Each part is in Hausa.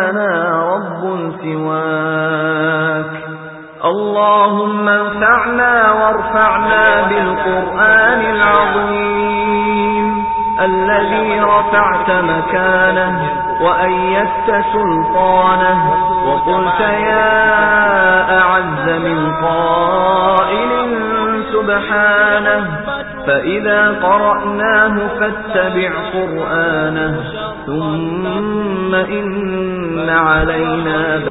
لنا رب سواك اللهم انفعنا وارفعنا بالقرآن العظيم الذي رفعت مكانه وأيدت سلطانه وقلت يا أعز من قائل سبحانه فإذا قرأناه فاتبع قرآنه ثم إن علينا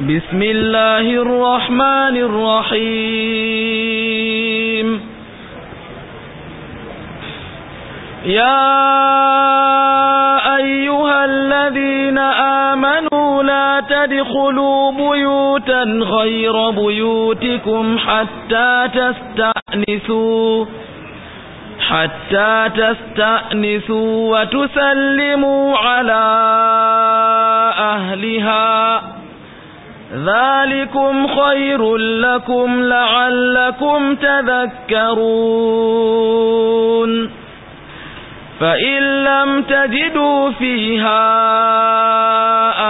بسم الله الرحمن الرحيم يا أيها الذين آمنوا لا تدخلوا بيوتا غير بيوتكم حتى تستأنسوا حتى تستأنسوا وتسلموا على أهلها ذلكم خير لكم لعلكم تذكرون فإن لم تجدوا فيها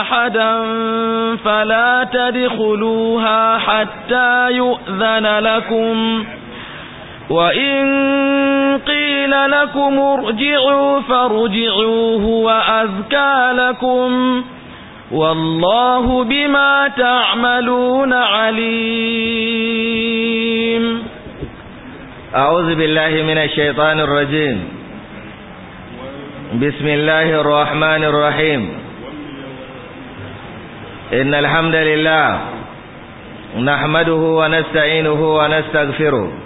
أحدا فلا تدخلوها حتى يؤذن لكم فإن وإن قيل لكم ارجعوا فارجعوه وأذكى لكم والله بما تعملون عليم أعوذ بالله من الشيطان الرجيم بسم الله الرحمن الرحيم إن الحمد لله نحمده ونستعينه ونستغفره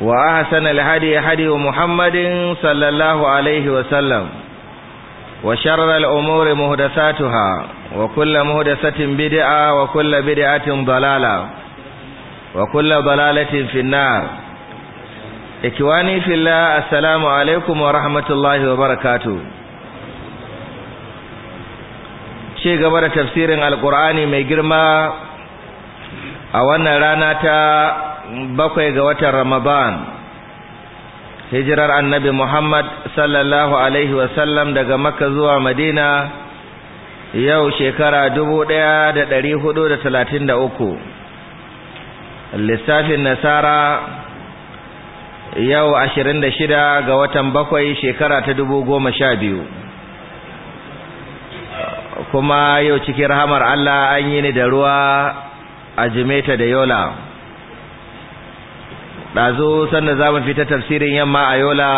وأحسن الهدي هدي محمد صلى الله عليه وسلم وشر الأمور مهدساتها وكل مهدسة بدعة وكل بدعة ضلالة وكل ضلالة في النار إكواني في الله السلام عليكم ورحمة الله وبركاته شيء قبل تفسير القرآن ميجرما أولا رانا تا bakwai ga watan Ramadan hijirar annabi Muhammad sallallahu alaihi wasallam daga Makka zuwa Madina yau shekara 1433 lissafin nasara yau 26 ga watan bakwai shekara ta 2012 kuma yau cikin rahamar Allah an yi ni da ruwa a jimeta da yola ɗazu sannan za mu fita tafsirin yamma a yola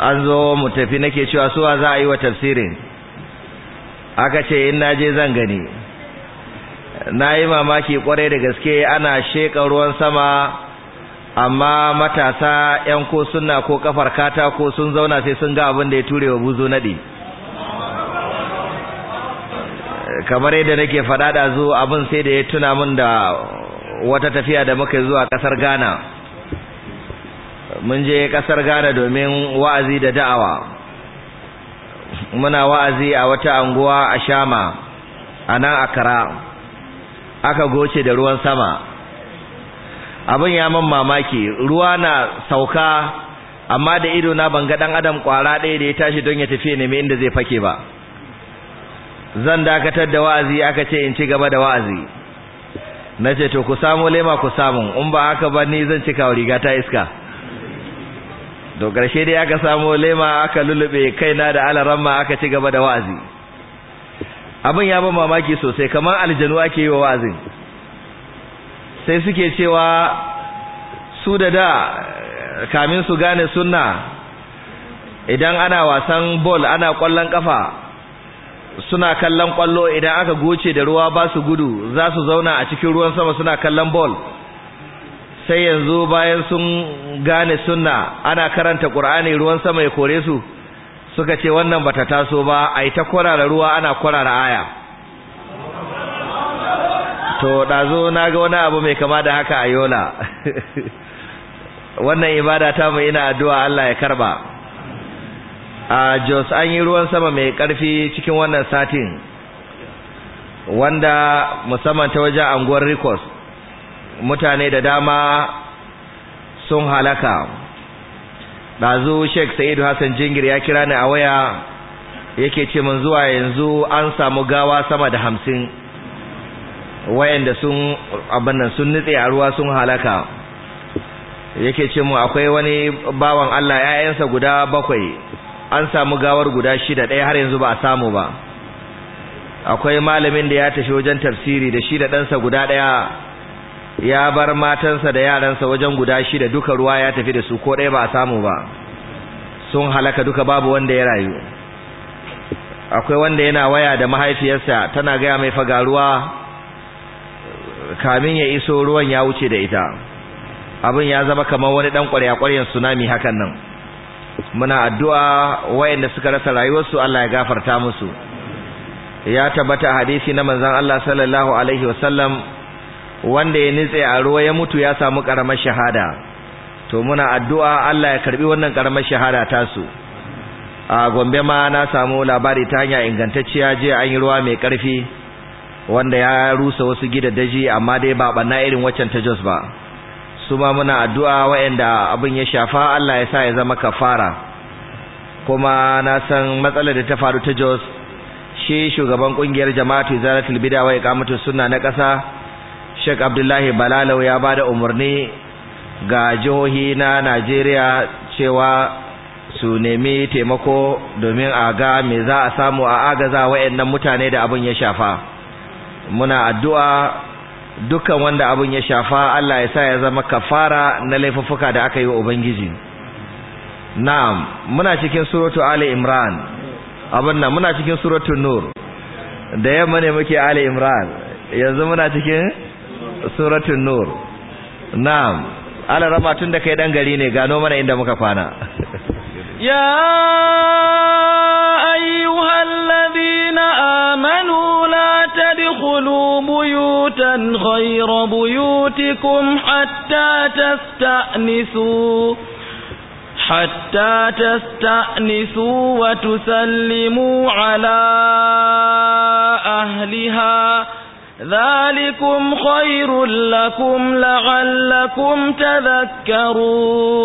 an zo mu tafi nake cewa suwa za a yi wa tafsirin aka ce in naje zan gani na yi mamaki kwarai da gaske ana sheƙa ruwan sama amma matasa 'yan ko suna ko kafar katako sun zauna sai sun ga abin da ya ture wa buzo naɗi kamar yadda nake faɗaɗa zo abin sai da ya tuna min da wata tafiya da muka zuwa kasar Ghana mun je kasar Ghana domin wa'azi da da'awa muna wa'azi a wata anguwa a Shama a nan Accra aka goce da ruwan sama abin ya man mamaki ruwa na sauka amma da ido na ban ga dan adam kwara ɗaya da ya tashi don ya tafi nemi inda zai fake ba zan dakatar da wa'azi aka ce in ci gaba da wa'azi na ce to ku samu lema ku samu in ba haka ba ni zan cika riga ta iska to ƙarshe dai aka samu lema aka lulube kaina da alaramma aka ci gaba da wa'azi abin ya ban mamaki sosai kamar aljanu ake yi wa wa'azin sai suke cewa su da da kamin su gane sunna idan ana wasan ball ana kwallon kafa suna kallon kwallo idan aka goce da ruwa ba su gudu za su zauna a cikin ruwan sama suna kallon ball sai yanzu bayan sun gane sunna ana karanta qur'ani ruwan sama ya kore su suka ce wannan bata taso ba ai ta da ruwa ana da aya to dazo naga wani abu mai kama da haka a yola wannan ibada ta mu ina addu'a Allah ya karba a jos an yi ruwan sama mai karfi cikin wannan satin wanda musamman ta wajen anguwar rikos mutane da dama sun halaka ɗazu sheik sa'idu hassan jingir ya kira ni a waya yake ce mun zuwa yanzu an samu gawa sama da hamsin wayanda sun abannan sun nutse a ruwa sun halaka yake ce mu akwai wani bawan allah 'ya'yansa guda bakwai an samu gawar guda shida ɗaya har yanzu ba a samu ba akwai malamin da ya tafi wajen tafsiri da shi da ɗansa guda ɗaya ya bar matansa da yaransa wajen guda shida duka ruwa ya tafi da su ko ɗaya ba a samu ba sun halaka duka babu wanda ya rayu akwai wanda yana waya da mahaifiyarsa tana gaya mai faga ruwa kamin ya iso ruwan ya wuce da ita abin ya zama kamar wani ɗan ƙwarya-ƙwaryan tsunami hakan nan muna addu'a wayanda suka rasa rayuwarsu Allah ya gafarta musu ya tabbata a hadisi na manzon Allah sallallahu alaihi wasallam wanda ya nitse a ruwa ya mutu ya samu karamar shahada to muna addu'a Allah ya karbi wannan karamar shahada tasu a Gombe ma na samu labari ta hanya ingantacciya je an yi ruwa mai karfi wanda ya rusa wasu gidaje amma dai ba bana irin waccan ta Jos ba su ma muna addu'a waɗanda abin ya shafa Allah ya sa ya zama kafara kuma na san matsalar da ta faru ta Jos shi shugaban kungiyar jama'atu zaratul Bid'a wa Iqamatu Sunna na ƙasa Sheikh Abdullahi Balalau ya ba da umarni ga jihohi na Najeriya cewa su nemi taimako domin a ga me za a samu a agaza wayannan mutane da abin ya shafa muna addu'a dukan wanda abin ya shafa Allah ya sa ya zama kafara na laifuffuka da aka yi wa ubangiji na'am muna cikin suratu ali imran abin nan muna cikin suratu nur da yamma ne muke ali imran yanzu muna cikin suratu nur na'am ala rama tunda kai dan gari ne gano mana inda muka kwana ya ادخلوا بيوتا غير بيوتكم حتى تستأنسوا حتى تستأنسوا وتسلموا على أهلها ذلكم خير لكم لعلكم تذكرون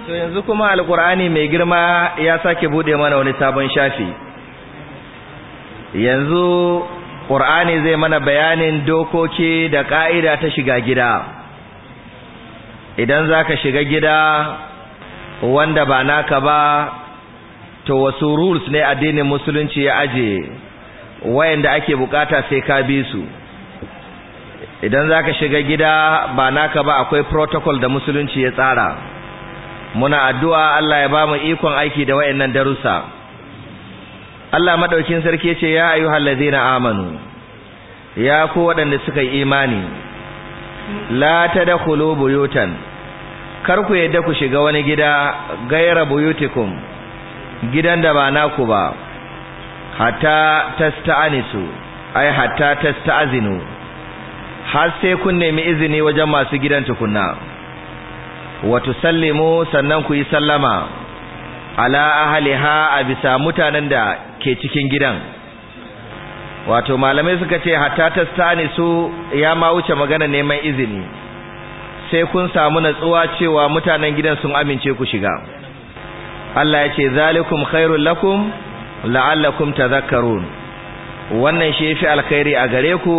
yanzu على القرآن mai يا ya sake bude mana شافي yanzu ƙur'ani zai mana bayanin dokoki da ƙa'ida ta shiga gida idan za ka shiga gida wanda ba naka ba to wasu rules ne addinin musulunci ya aje wayanda ake bukata sai ka bi su idan za ka shiga gida ba naka ba akwai protocol da musulunci ya tsara muna addu'a Allah ya ba mu ikon aiki da wayannan darussa Allah madaukin sarki ce ya ayyuhal ladzina amanu ya ku waɗanda suka yi imani la tadkhulu buyutan kar ku yadda ku shiga wani gida gaira buyutikum gidan da ba naku ba hatta tasta'anisu ai hatta tasta'zinu har sai kun nemi izini wajen masu gidan tukunna wa tusallimu sannan ku yi sallama ala ahliha a mutanen da ke cikin gidan wato malamai suka ce hatta ta tastani su ya ma wuce magana neman izini sai kun samu natsuwa cewa mutanen gidan sun amince ku shiga Allah ya ce zalikum khairul lakum la'allakum tadhakkarun wannan shi yafi alkhairi a gare ku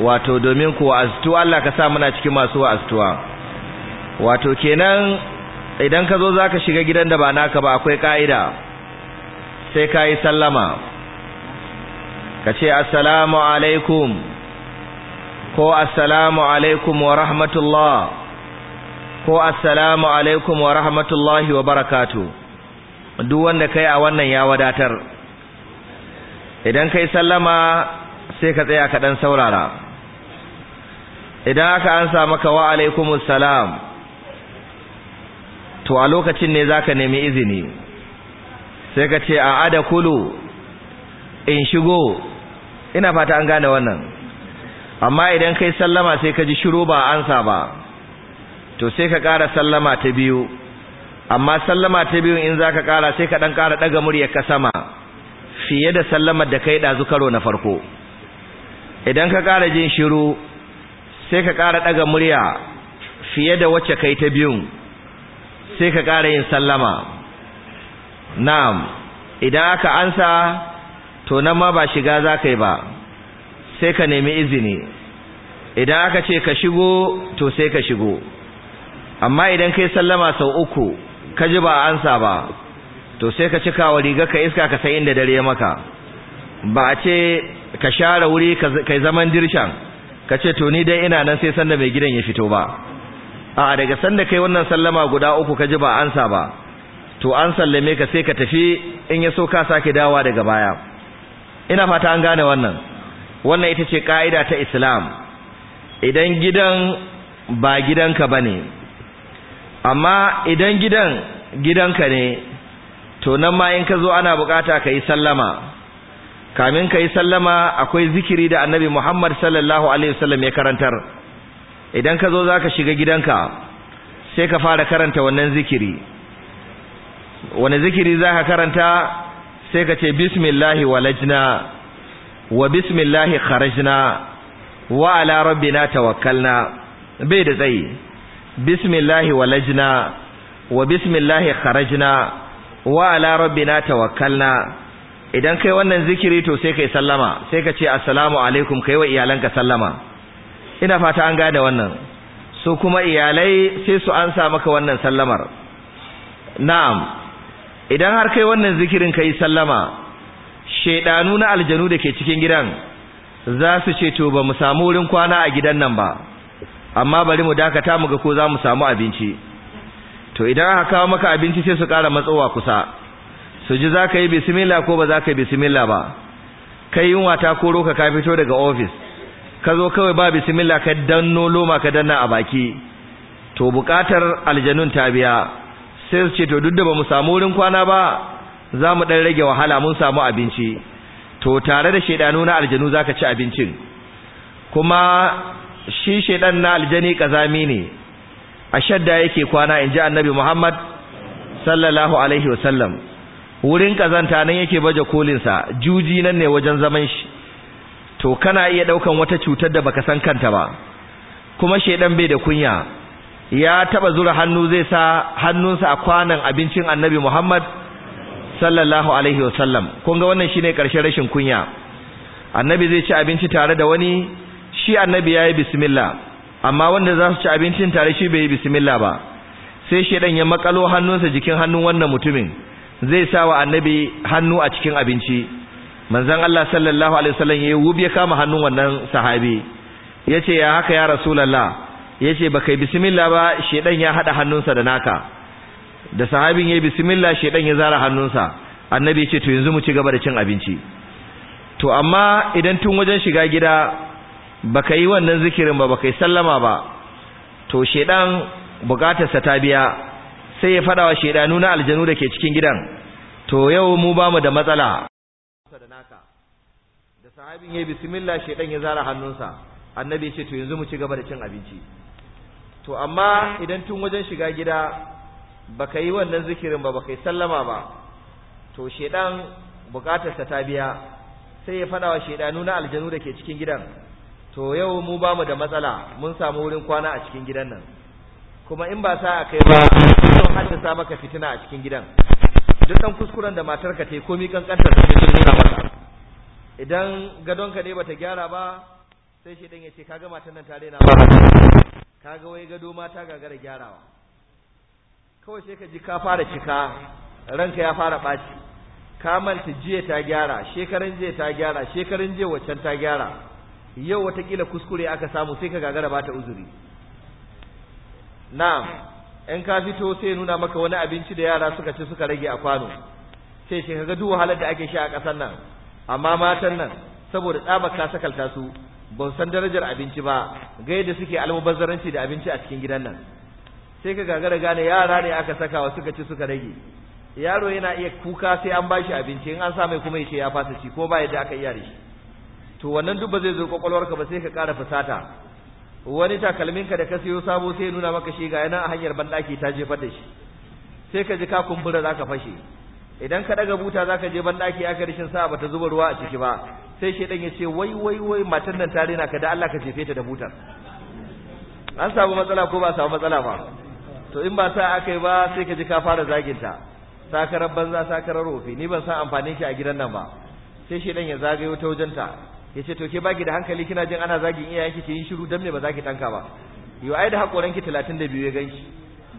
wato domin ku wa'aztu Allah ka sa muna cikin masu wa'aztuwa wato kenan idan ka zo zaka shiga gidan da ba naka ba akwai ka'ida sai ka yi sallama ka ce assalamu alaikum ko assalamu alaikum wa rahmatullah ko assalamu alaikum wa rahmatullahi wa barakatu duk wanda kai a wannan ya wadatar idan kai sallama sai ka tsaya ka dan saurara idan aka ansa maka wa alaikumus salam to a lokacin ne zaka nemi izini sai ka ce a ada kulu in shigo ina fata an gane wannan amma idan kai sallama sai ka ji shiru ba ansa ba to sai ka ƙara sallama ta biyu amma sallama ta biyu in za ka ƙara sai ka ɗan ƙara ɗaga muryar ka sama fiye da sallamar da kai ɗazu karo na farko idan ka ƙara jin shiru sai ka ƙara ɗaga murya fiye da wacce kai ta biyun sai ka ƙara yin sallama na'am idan aka ansa to nan ma ba shiga zakai ba sai ka nemi izini idan aka ce ka shigo to sai ka shigo amma idan kai sallama sau uku ka ji ba ansa ba to sai ka cika wa riga ka iska ka sai inda dare maka ba a ce ka share wuri kai zaman dirshan ka ce to ni dai ina nan sai sanda mai gidan ya fito ba a daga sanda kai wannan sallama guda uku ka ji ba ansa ba to an sallame ka sai ka tafi in ya so ka sake dawa daga baya ina fata an gane wannan wannan ita ce ka'ida ta islam idan gidan ba gidanka ba ne amma idan gidan gidanka ne to nan ma in ka zo ana bukata ka yi sallama kamin ka yi sallama akwai zikiri da annabi Muhammad sallallahu alaihi wasallam ya karantar idan ka zo zaka shiga gidanka sai ka fara karanta wannan zikiri wani zikiri za ka karanta sai ka ce bismillahi walajna wa bismillahi kharajna wa ala rabbina tawakkalna bai da tsayi bismillahi walajna wa bismillahi kharajna wa ala rabbina tawakkalna idan kai wannan zikiri to sai kai sallama sai ka ce assalamu alaikum kai wa iyalanka sallama ina fata an gane wannan su kuma iyalai sai su ansa maka wannan sallamar na'am idan har kai wannan zikirin kai sallama shedanu na aljanu da ke cikin gidan za su ce to ba mu samu wurin kwana a gidan nan ba amma bari mu dakata mu ga ko za mu samu abinci to idan aka kawo maka abinci sai su ƙara matsowa kusa su ji za ka yi bismillah ko ba za ka yi bismillah ba kai yunwa ta koro ka ka fito daga ofis ka zo kawai ba bismillah ka danno loma ka danna a baki to bukatar aljanun ta biya sai su ce to duk da ba mu samu wurin kwana ba za mu dan rage wahala mun samu abinci to tare da shedanu na aljanu zaka ci abincin kuma shi shedan na aljani kazami ne a shadda yake kwana in ji annabi Muhammad sallallahu alaihi wasallam wurin kazanta nan yake baje kolin sa juji nan ne wajen zaman shi to kana iya ɗaukan wata cutar da baka san kanta ba kuma shedan bai da kunya ya taba zura hannu zai sa hannunsa a kwanan abincin annabi Muhammad sallallahu alaihi wasallam kun ga wannan shine karshen rashin kunya annabi zai ci abinci tare da wani shi annabi yayi bismillah amma wanda za su ci abincin tare shi bai yi bismillah ba sai shedan ya makalo hannunsa jikin hannun wannan mutumin zai sa wa annabi hannu a cikin abinci manzon Allah sallallahu alaihi wasallam yayi wubi ya kama hannun wannan sahabi yace ya haka ya rasulullah yace baka bismillah ba shedan ya hada hannunsa da naka da sahabin ya yi bismillah shedan ya zara hannunsa annabi ya ce to yanzu mu ci gaba da cin abinci to amma idan tun wajen shiga gida baka yi wannan zikirin ba baka yi sallama ba to shedan bukatarsa ta biya sai ya fada wa shedanu na aljanu da ke cikin gidan to yau mu bamu da matsala da sahabin ya yi bismillah shaidan ya zara hannunsa annabi ya ce to yanzu mu ci gaba da cin abinci to amma idan tun wajen shiga gida baka yi wannan zikirin ba baka yi sallama ba to shedan bukatarsa ta biya sai ya fada wa shedanu na aljanu da ke cikin gidan to yau mu ba mu da matsala mun samu wurin kwana a cikin gidan nan kuma in ba sa kai ba sun haddasa maka fitina a cikin gidan duk dan kuskuren da matarka ta yi komi kankantar da take nuna maka idan ka ne bata gyara ba sai shedan ya ce kaga matar nan ta daina ba kaga wai gado mata gagara gyarawa kawai sai ka ji ka fara cika ranka ya fara ɓaci ka manta jiya ta gyara shekaran jiya ta gyara shekaran jiya waccan ta gyara yau watakila kuskure aka samu sai ka gagara ba ta uzuri na'am in ka fito sai nuna maka wani abinci da yara suka ci suka rage a kwano sai ka ga duk wahalar da ake sha a ƙasar nan amma matan nan saboda tsaba ka sakalta su ba san darajar abinci ba ga yadda suke almubazzaranci da abinci a cikin gidan nan sai ka gagara gane yara ne aka saka wa suka ci suka rage yaro yana iya kuka sai an bashi abinci in an sa mai kuma ya ce ya fasa ci ko ba yadda aka iya da shi to wannan duk ba zai zo kwakwalwarka ba sai ka ƙara fusata wani takalminka da ka siyo sabo sai ya nuna maka shi ga yana a hanyar banɗaki ta jefar da shi sai ka ji ka kumbura za ka fashe idan ka ɗaga buta za ka je banɗaki aka rishin sa ba ta zuba ruwa a ciki ba sai ɗan ya ce wai wai wai matan nan tare na ka da Allah ka jefe ta da butar an samu matsala ko ba samu matsala ba to in ba sa aka yi ba sai ka ji ka fara zaginta sakarar banza sakarar ofe ni ban san amfanin shi a gidan nan ba sai ɗan ya zagayo ta wajenta ya ce to ke baki da hankali kina jin ana zagin iyayenki ki yi shiru dan me ba za ki tanka ba yau ai da da biyu ya ganki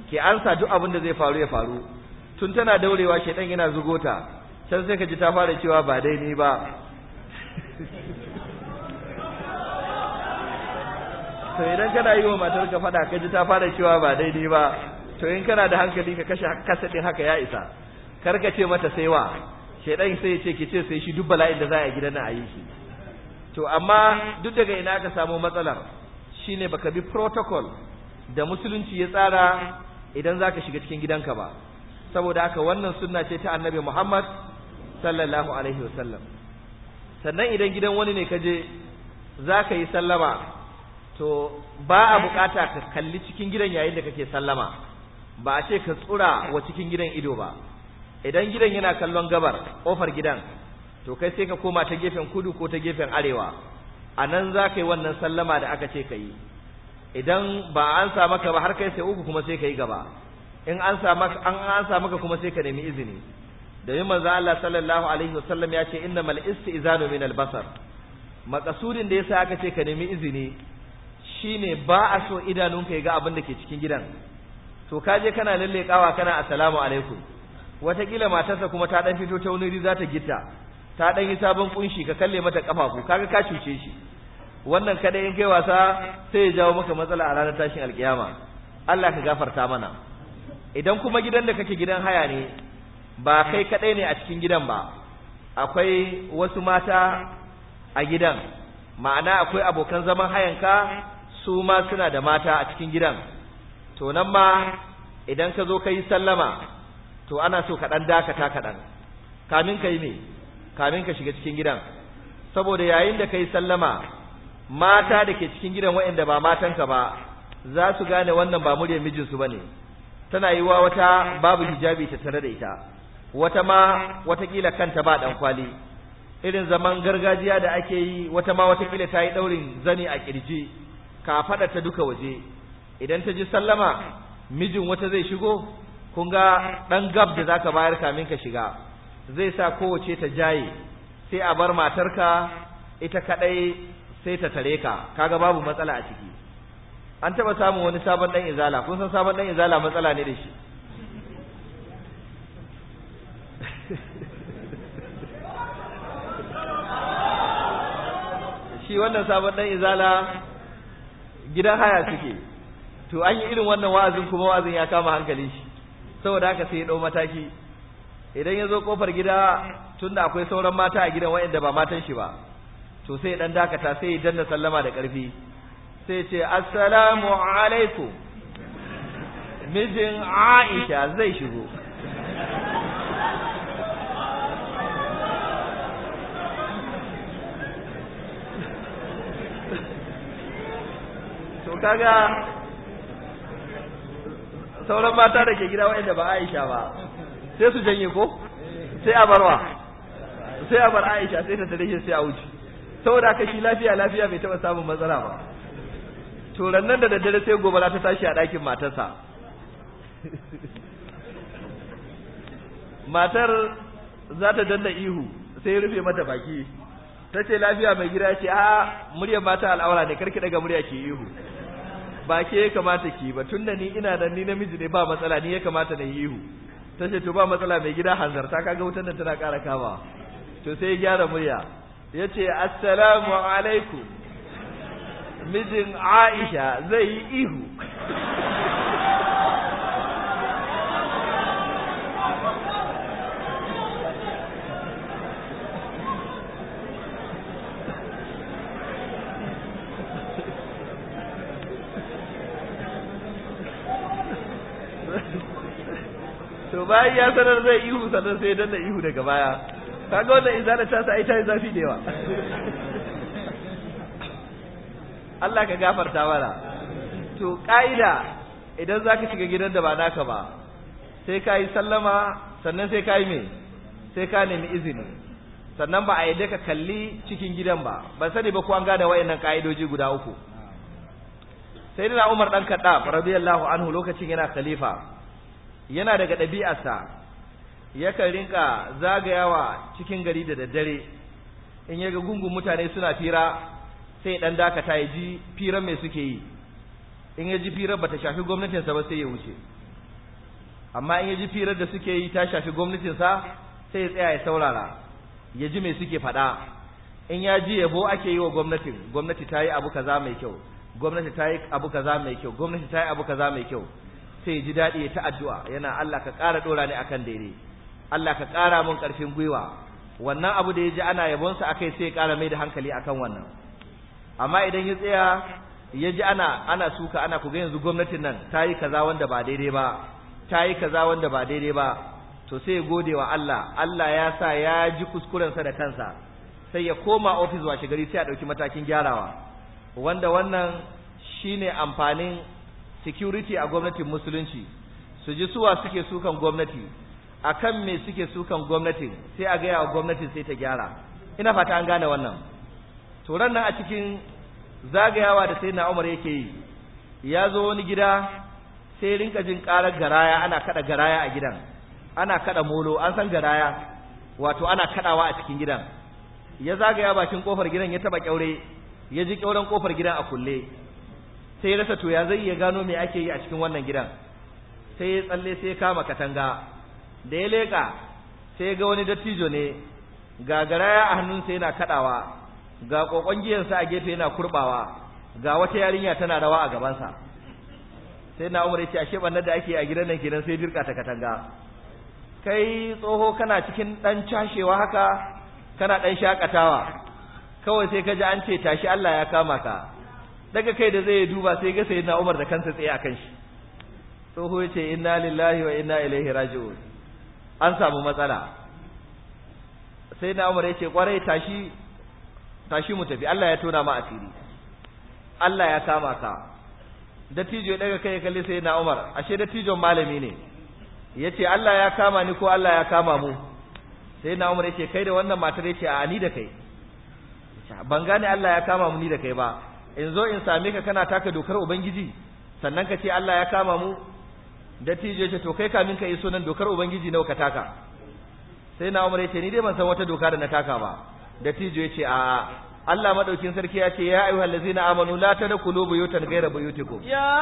ke ansa duk abin da zai faru ya faru tun tana daurewa ɗan yana zugota can sai ka ji ta fara cewa ba dai ni ba to idan kana yi wa matar ka fada ka ji ta fara cewa ba daidai ba to in kana da hankali ka kashe kasadin haka ya isa kar ka ce mata sai wa shedan sai ya ce ki ce sai shi duk bala'in da za a gidan na a yi shi to amma duk daga ina ka samu matsalar shine baka bi protocol da musulunci ya tsara idan zaka shiga cikin gidanka ba saboda haka wannan sunna ce ta annabi Muhammad sallallahu alaihi wasallam sannan idan gidan wani ne ka je za ka yi sallama to ba a bukata ka kalli cikin gidan yayin da kake sallama ba a ce ka tsura wa cikin gidan ido ba idan gidan yana kallon gabar ƙofar gidan to kai sai ka koma ta gefen kudu ko ta gefen arewa a nan za ka yi wannan sallama da aka ce ka yi idan ba an sa maka ba har kai sai uku kuma sai ka yi gaba in an sa maka kuma sai ka nemi izini da yi maza Allah sallallahu alaihi wasallam ya ce innamal istizanu min albasar makasudin da yasa aka ce ka nemi izini shine ba a so idanunka ya ga abin da ke cikin gidan to ka je kana lallekawa kana assalamu alaikum watakila matarsa kuma ta dan fito ta wani za ta gitta ta dan yi sabon kunshi ka kalle mata kafafu kaga ka cuce shi wannan kada in kai wasa sai ya jawo maka matsala a ranar tashin alkiyama Allah ka gafarta mana idan kuma gidan da kake gidan haya ne ba kai kaɗai ne a cikin gidan ba akwai wasu mata a gidan ma'ana akwai abokan zaman hayanka su ma suna da mata a cikin gidan to nan ma idan ka zo ka yi sallama to ana so ka ɗan dakata kaɗan kamin ka yi me kamin ka shiga cikin gidan saboda yayin da ka yi sallama mata da ke cikin gidan waɗanda ba matanka ba za su gane wannan ba muryar mijinsu ba ne tana yi wa wata babu hijabi ta tare da ita wata ma watakila kanta ba dan kwali irin zaman gargajiya da ake yi wata ma watakila ta yi daurin zani a kirji ka fada ta duka waje idan ta ji sallama mijin wata zai shigo kun ga dan gab da zaka bayar kamin ka shiga zai sa kowace ta jaye sai a bar matarka ita kadai sai ta tare ka kaga babu matsala a ciki an taba samun wani sabon dan izala kun san sabon dan izala matsala ne da shi shi wannan sabon dan izala gidan haya suke to an yi irin wannan wa'azin kuma wa'azin ya kama hankali shi saboda haka sai ya dau mataki idan ya zo kofar gida tunda akwai sauran mata a gidan wa'anda ba matan shi ba to sai dan dakata sai ya danna sallama da ƙarfi sai ya ce assalamu alaikum mijin Aisha zai shigo kaga sauran mata da ke gida waɗanda ba Aisha ba sai su janye ko sai a barwa sai a bar Aisha sai ta tare sai a wuce saboda aka shi lafiya lafiya bai taba samun matsala ba to rannan da daddare sai gobe ta tashi a ɗakin matarsa matar za ta danna ihu sai rufe mata baki ta ce lafiya mai gida ce a muryar mata al'aura ne karki daga murya ke ihu ba ke ya kamata ki ba tun da ni ina da ni namiji ne ba matsala ni ya kamata na yihu ta ce to ba matsala mai gida hanzarta ka ga wutar da tana kara kama to sai ya gyara murya ya ce assalamu alaikum mijin aisha zai yi ihu bayan ya sanar zai ihu sannan sai danna ihu daga baya kaga wannan in zana tasa ai tayi zafi da yawa Allah ka gafarta mana to ka'ida idan zaka shiga gidan da ba naka ba sai ka yi sallama sannan sai ka yi me sai ka nemi izini sannan ba a yadda ka kalli cikin gidan ba ban sani ba ko an gada wayannan ka'idoji guda uku sai da Umar dan Khattab radiyallahu anhu lokacin yana khalifa yana daga ɗabi'arsa yakan rinka zagayawa cikin gari da daddare in ya ga gungun mutane suna fira sai ɗan dakata ya ji firan mai suke yi in ya ji firar ba ta shafi gwamnatinsa ba sai ya wuce amma in ya ji firar da suke yi ta shafi gwamnatinsa sai ya tsaya ya saurara ya ji mai suke faɗa in ya ji yabo ake yi wa gwamnatin gwamnati ta yi abu kaza mai kyau gwamnati ta yi abu kaza mai kyau gwamnati ta yi abu kaza mai kyau sai ji daɗi ya ta addu'a yana Allah ka ƙara ɗora ni akan daidai Allah ka ƙara mun ƙarfin gwiwa wannan abu da ya ji ana yabonsa a kai sai ya ƙara mai da hankali akan wannan amma idan ya tsaya ya ji ana ana suka ana ku ga yanzu gwamnatin nan ta yi kaza wanda ba daidai ba ta yi kaza wanda ba daidai ba to sai ya gode wa Allah Allah ya sa ya ji kuskurensa da kansa sai ya koma ofis washe gari sai a ɗauki matakin gyarawa wanda wannan shine amfanin security a gwamnatin musulunci su ji suwa suke sukan gwamnati akan me suke sukan gwamnati sai a gaya wa gwamnatin sai ta gyara ina fata an gane wannan Turan nan a cikin zagayawa da sai na Umar yake yi ya zo wani gida sai rinka jin karar garaya ana kada garaya a gidan ana kada molo an san garaya wato ana kadawa a cikin gidan ya zagaya bakin kofar gidan ya taba kyaure ya ji kyauren kofar gidan a kulle sai rasa to ya zai ya gano me ake yi a cikin wannan gidan sai ya tsalle sai kama katanga da ya leka sai ya ga wani dattijo ne ga garaya a hannun hannunsa yana kaɗawa ga kokon giyansa a gefe yana kurɓawa ga wata yarinya tana rawa a gabansa sai na umar yace ashe bannar da ake a gidan nan kenan sai dirka ta katanga kai tsoho kana cikin dan cashewa haka kana dan shakatawa kawai sai ka ji an ce tashi Allah ya kama ka daga kai da zai duba sai ga sayyidina Umar da kansa tsaye akan shi tsoho yace inna lillahi wa inna ilaihi raji'un an samu matsala sayyidina Umar yace kwarai tashi tashi mu tafi Allah ya tona ma asiri Allah ya kama ka dattijo daga kai kalli sayyidina Umar ashe dattijon malami ne yace Allah ya kama ni ko Allah ya kama mu sayyidina Umar yace kai da wannan matar yace a ni da kai ban gane Allah ya kama mu ni da kai ba in zo in same ka kana taka dokar ubangiji sannan ka ce Allah ya kama mu dattijo ce to kai kamin ka iso nan dokar ubangiji nawa ka taka sai na umar ce ni dai ban san wata doka da na taka ba dattijo yace a Allah madaukin sarki ya ce ya ayuha allazina amanu la tadkhulu buyutan ghayra buyutikum ya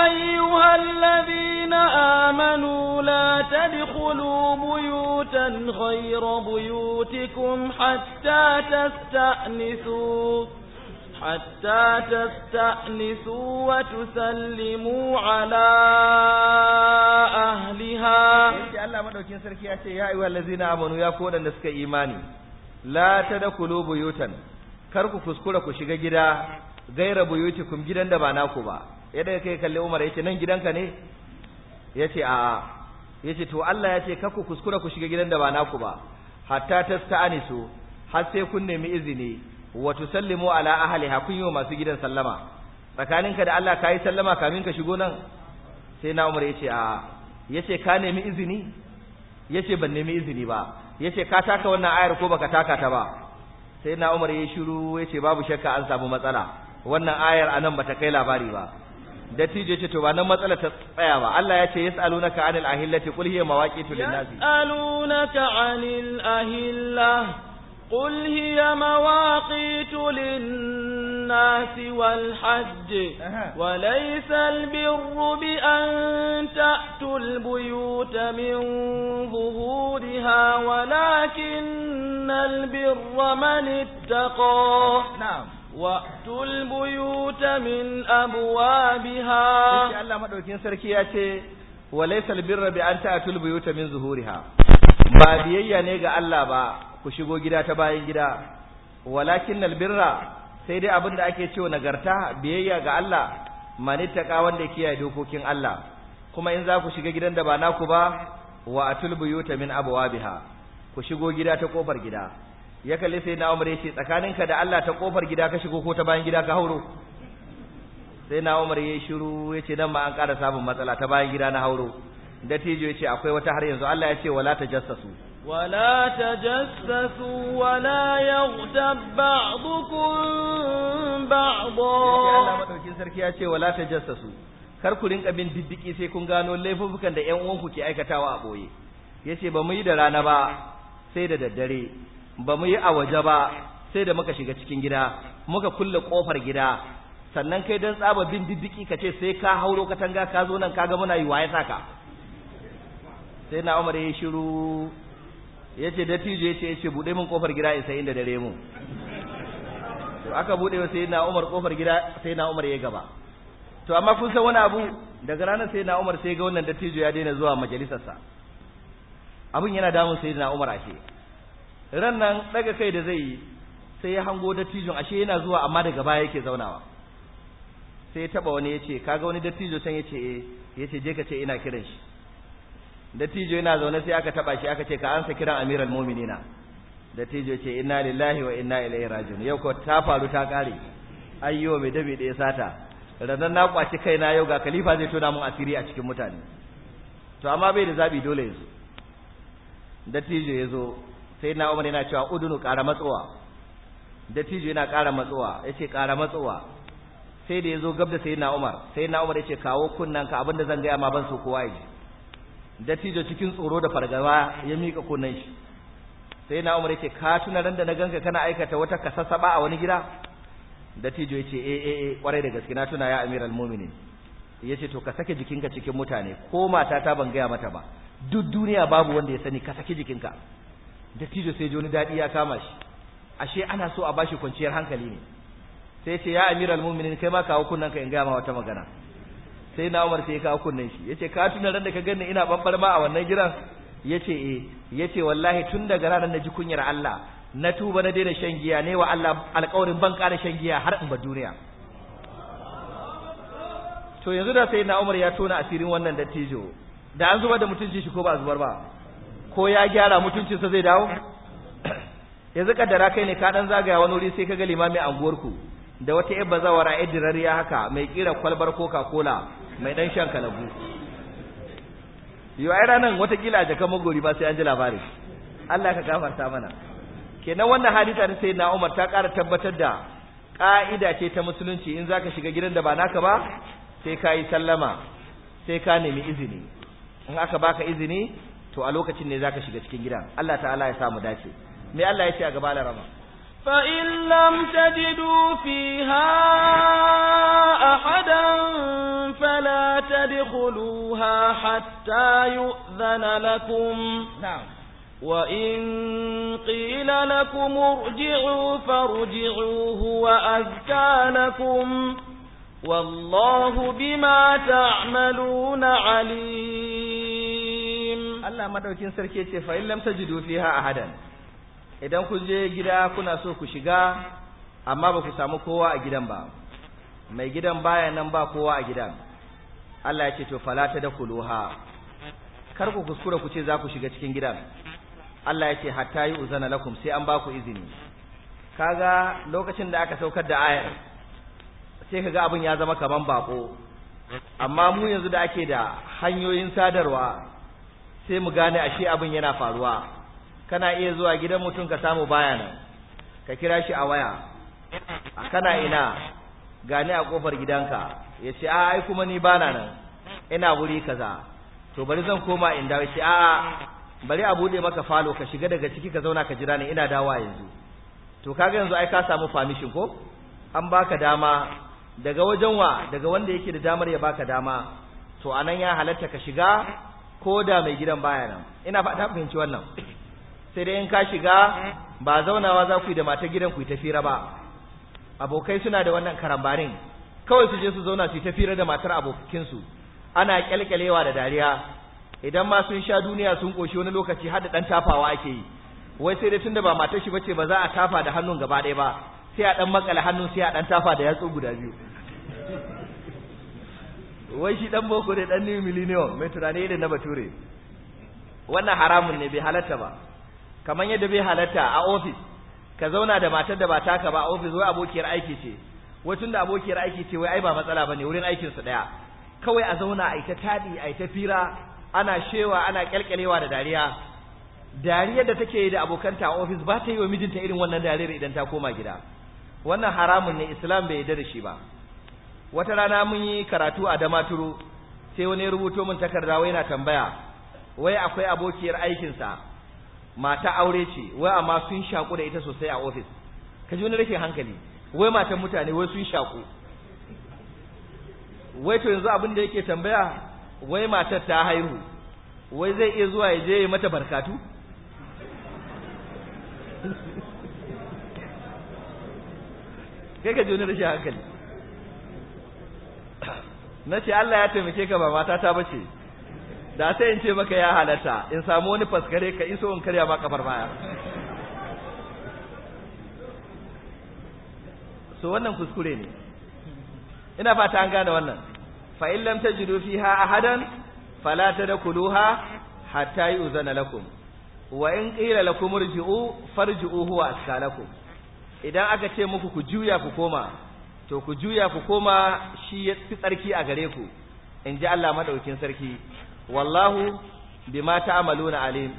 ayuha allazina amanu la tadkhulu buyutan ghayra buyutikum hatta tasta'nisu حتى تستأنسوا وتسلموا على أهلها الله ما دوكين سركي يأتي يا أيها الذين آمنوا يا كون النسك إيماني لا تدخلوا بيوتا كركو كسكولا كشيغا جدا غير بيوتكم جدا دباناكو با yadda كي kalli عمر يتي نين جدا كني يتي آآ yace to Allah yace kaku kuskura ku shiga gidan da ba naku ba hatta tasta'anisu har sai kun nemi izini wa tusallimu ala ahliha kun yi masu gidan sallama tsakaninka da Allah kai sallama kamin ka shigo nan sai na Umar yace a yace ka nemi izini yace ban nemi izini ba yace ka taka wannan ayar ko baka taka ta ba sai na Umar yayi shiru yace babu shakka an samu matsala wannan ayar anan bata kai labari ba dattijo yace to ba nan matsala ta tsaya ba Allah ya ce yas'alunaka anil ahillati qul hiya mawaqitu lin-nasi yas'alunaka anil ahillah قل هي مواقيت للناس والحج وليس البر بأن تأتوا البيوت من ظهورها ولكن البر من اتقى نعم وأتوا البيوت من أبوابها وليس البر بأن تأتوا البيوت من ظهورها ba biyayya ne ga Allah ba ku shigo gida ta bayan gida walakin albirra sai dai abin da ake cewa nagarta biyayya ga Allah manittaka wanda ya kiyaye dokokin Allah kuma in za ku shiga gidan da ba naku ba wa atul buyuta min abwabiha ku shigo gida ta kofar gida ya kalli sai na umar yace tsakaninka da Allah ta kofar gida ka shigo ko ta bayan gida ka hauro sai na umar yayi shiru yace dan ba an ƙara samun matsala ta bayan gida na hauro dattijo yace akwai wata har yanzu Allah ya ce wala tajassasu ولا تجسسوا ولا يغتب بعضكم بعضا sarki sarki ya ce wala tajassasu kar ku rinka bin diddiki sai kun gano laifukan da ƴan uwanku ke aikatawa a boye yace ba mu yi da rana ba sai da daddare ba mu yi a waje ba sai da muka shiga cikin gida muka kulle kofar gida sannan kai dan tsaba bin diddiki ka ce sai ka hauro katanga ka zo nan kaga muna yi waye saka sai na Umar ya shiru Ya yace dattijo ya ce buɗe min kofar gida in sai inda dare mu to aka buɗe wa sayyidina Umar kofar gida sayyidina Umar ya gaba to amma kun san wani abu daga ranar sayyidina Umar sai ga wannan dattijo ya daina zuwa majalisarsa abun yana damun sayyidina Umar ashe ran nan daga kai da zai yi sai ya hango dattijon ashe yana zuwa amma daga baya yake zaunawa sai ya taba wani ya ce kaga wani dattijo san ce eh ce je ka ce ina kiran shi dattijo yana zaune sai aka taba shi aka ce ka ansa kiran amiral mu'minina tijo ce inna lillahi wa inna ilaihi rajiun yau ko ta faru ta kare ayyo mai dabi da ya sata ranan na kwaci kaina yau ga khalifa zai tona mun asiri a cikin mutane to amma bai da zabi dole yazo tijo yazo sai na umar yana cewa udunu ƙara matsowa tijo yana ƙara matsowa yace ƙara matsowa sai da yazo gab da sai na umar sai na umar yace kawo kunnanka abinda zan ga ma ban so kowa yaji dattijo cikin tsoro da fargaba ya mika kunnen shi sai na umar yace ka tuna ran da na ganka kana aikata wata kasasaba a wani gida dattijo yace eh eh eh kwarai da gaske na tuna ya amiral mu'minin yace to ka sake jikinka cikin mutane ko mata ta ban gaya mata ba duk duniya babu wanda ya sani ka sake jikinka dattijo sai ji wani dadi ya kama shi ashe ana so a bashi kwanciyar hankali ne sai ce ya amiral mu'minin kai ma kawo kunnanka in gaya ma wata magana sai na umar sai ka kunnen shi yace ka tuna ran da ka ganni ina babbar ma a wannan gidan yace eh yace wallahi tun daga ranar na ji kunyar Allah na tuba na daina shan giya ne wa Allah alƙawarin ban ƙara shan giya har in ba duniya to yanzu da sai na umar ya tona asirin wannan dattijo da an zuba da mutunci shi ko ba a zubar ba ko ya gyara sa zai dawo yanzu kaddara kai ne ka dan zagaya wani wuri sai ka ga limamin ku da wata baza wara yar dirariya haka mai kira kwalbar coca cola mai ɗan shan kalabu yau ranar wata watakila a jaka magori ba sai an ji labari Allah ka gafarta mana kenan wannan hadisa ta sai na Umar ta ƙara tabbatar da ƙa'ida ce ta musulunci in zaka shiga gidan da ba naka ba sai ka yi sallama sai ka nemi izini in aka baka izini to a lokacin ne zaka shiga cikin gidan Allah ta'ala ya samu dace me Allah ya ce a gaba larama فإن لم تجدوا فيها أحدا فلا تدخلوها حتى يؤذن لكم نعم وإن قيل لكم ارجعوا فارجعوا هو لكم والله بما تعملون عليم الله ما سركي يتي فإن لم تجدوا فيها أحدا idan kun je gida kuna so ku shiga amma ba ku samu kowa a gidan ba mai gidan baya nan ba kowa a gidan Allah ya ce to fala ta dakuluha kar ku kuskura ku ce za ku shiga cikin gidan Allah ya ce hatta yi uzana lakum sai an ba ku izini kaga lokacin da aka saukar da ayar sai kaga abin ya zama kaman bako amma mu yanzu da ake da hanyoyin sadarwa sai mu gane ashe abin yana faruwa kana iya zuwa gidan mutum ka samu baya nan ka kira shi a waya a kana ina gani a kofar gidanka ya ce a ai kuma ni bana nan ina wuri kaza to bari zan koma in dawo shi a bari a bude maka falo ka shiga daga ciki ka zauna ka jira ni ina dawa yanzu to kaga yanzu ai ka samu permission ko an baka dama daga wajen wa daga wanda yake da damar ya baka dama to anan ya halatta ka shiga ko da mai gidan bayanan nan ina fata fahimci wannan sai dai in ka shiga hmm? ba zaunawa za ku yi da mata gidan ku yi tafira ba abokai suna da wannan karambarin kawai su je su zauna su yi tafira da matar abokinsu ana kyalkyalewa da dariya idan ma sun sha duniya sun koshi wani lokaci har da dan tafawa ake yi wai sai dai tunda ba matar shi bace ba za a tafa da hannun gaba ɗaya ba sai a dan makale hannu sai a dan tafa da yatsu guda biyu wai shi dan boko ne dan new millennium mai tunani da na bature wannan haramun ne bai halatta ba kamar yadda bai halarta, a ofis ka zauna da matar da ba taka ba a ofis wai abokiyar aiki ce wai tunda abokiyar aiki ce wai ai ba matsala bane wurin aikin su daya kawai a zauna a ita tadi a ita fira ana shewa ana kyalkyalewa da dariya dariyar da take yi da abokanta a ofis ba ta yi wa mijinta irin wannan dariyar idan ta koma gida wannan haramun ne islam bai yarda da shi ba wata rana mun yi karatu a damaturu sai wani rubuto min takarda wai yana tambaya wai akwai abokiyar aikinsa mata aure ce wai amma sun shaku da ita sosai a ofis ka ji wani rashin hankali wai matan mutane wai sun shaku wai to yanzu abin da yake tambaya wai matar ta haihu wai zai iya zuwa ya je ya mata barkatu kai ka ji wani rashin hankali na ce Allah ya taimake ka ba mata ta bace da sai in ce maka ya halatta in samu wani faskare ka iso in karya ma kafar baya so wannan kuskure ne ina fata an gane wannan fa in lam tajidu fiha ahadan fala tadkhuluha hatta yu'zana lakum wa in qila lakum irji'u farji'u huwa askalakum idan aka ce muku ku juya ku koma to ku juya ku koma shi ya fi tsarki a gare ku in ji Allah madaukin sarki wallahu bima ta'maluna alim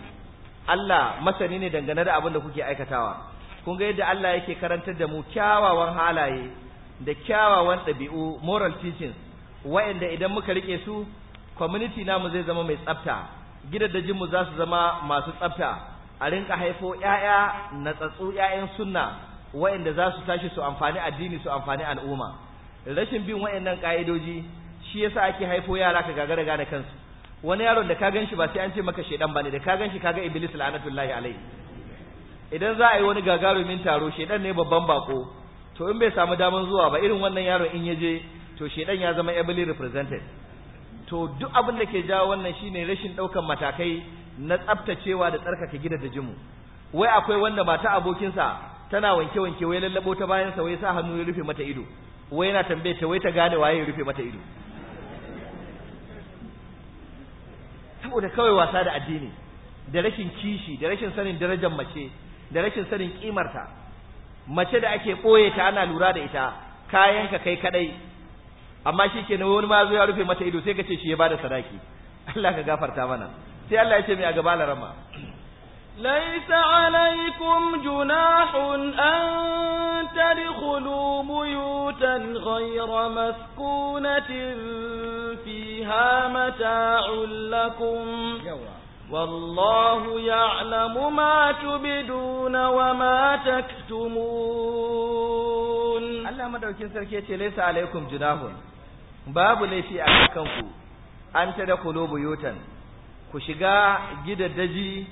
Allah masani ne dangane da abin da kuke aikatawa kun ga yadda Allah yake karantar da mu kyawawan halaye da kyawawan ɗabi'u moral teachings wa'anda idan muka rike su community namu zai zama mai tsafta gidaddajin mu za su zama masu tsafta a rinka haifo ƴaƴa tsatsu ƴaƴan sunna wa'anda za su tashi su amfani addini su amfani al'umma rashin bin wa'annan ka'idoji shi yasa ake haifo yara ka gagara gane kansu wani yaron da ka ganshi ba sai an ce maka shedan bane da ka ganshi kaga iblis la'anatullahi alayhi idan za a yi wani gagarumin taro shedan ne babban bako to in bai samu daman zuwa ba irin wannan yaron in ya je to shedan ya zama heavily represented to duk abin da ke jawo wannan shine rashin daukan matakai na tsaftacewa da tsarkake gidan da jimu wai akwai wanda mata abokinsa tana wanke wanke wai lallabo ta bayan sa wai sa hannu ya rufe mata ido wai yana tambaye ta wai ta gane waye ya rufe mata ido saboda kawai wasa da addini da rashin kishi da rashin sanin darajar mace da rashin sanin kimarta mace da ake ɓoye ta ana lura da ita kayanka kai kadai amma shi ke wani ma zo ya rufe mata ido sai ka ce shi ya bada sadaki Allah ka gafarta mana sai Allah ya ce mai a gaba larama ليس عليكم جناح أن تدخلوا بيوتا غير مسكونة فيها متاع لكم والله يعلم ما تبدون وما تكتمون الله مدوكين سركيتي ليس عليكم جناح باب ليس عليكم أن تدخلوا بيوتا kulu جد دجي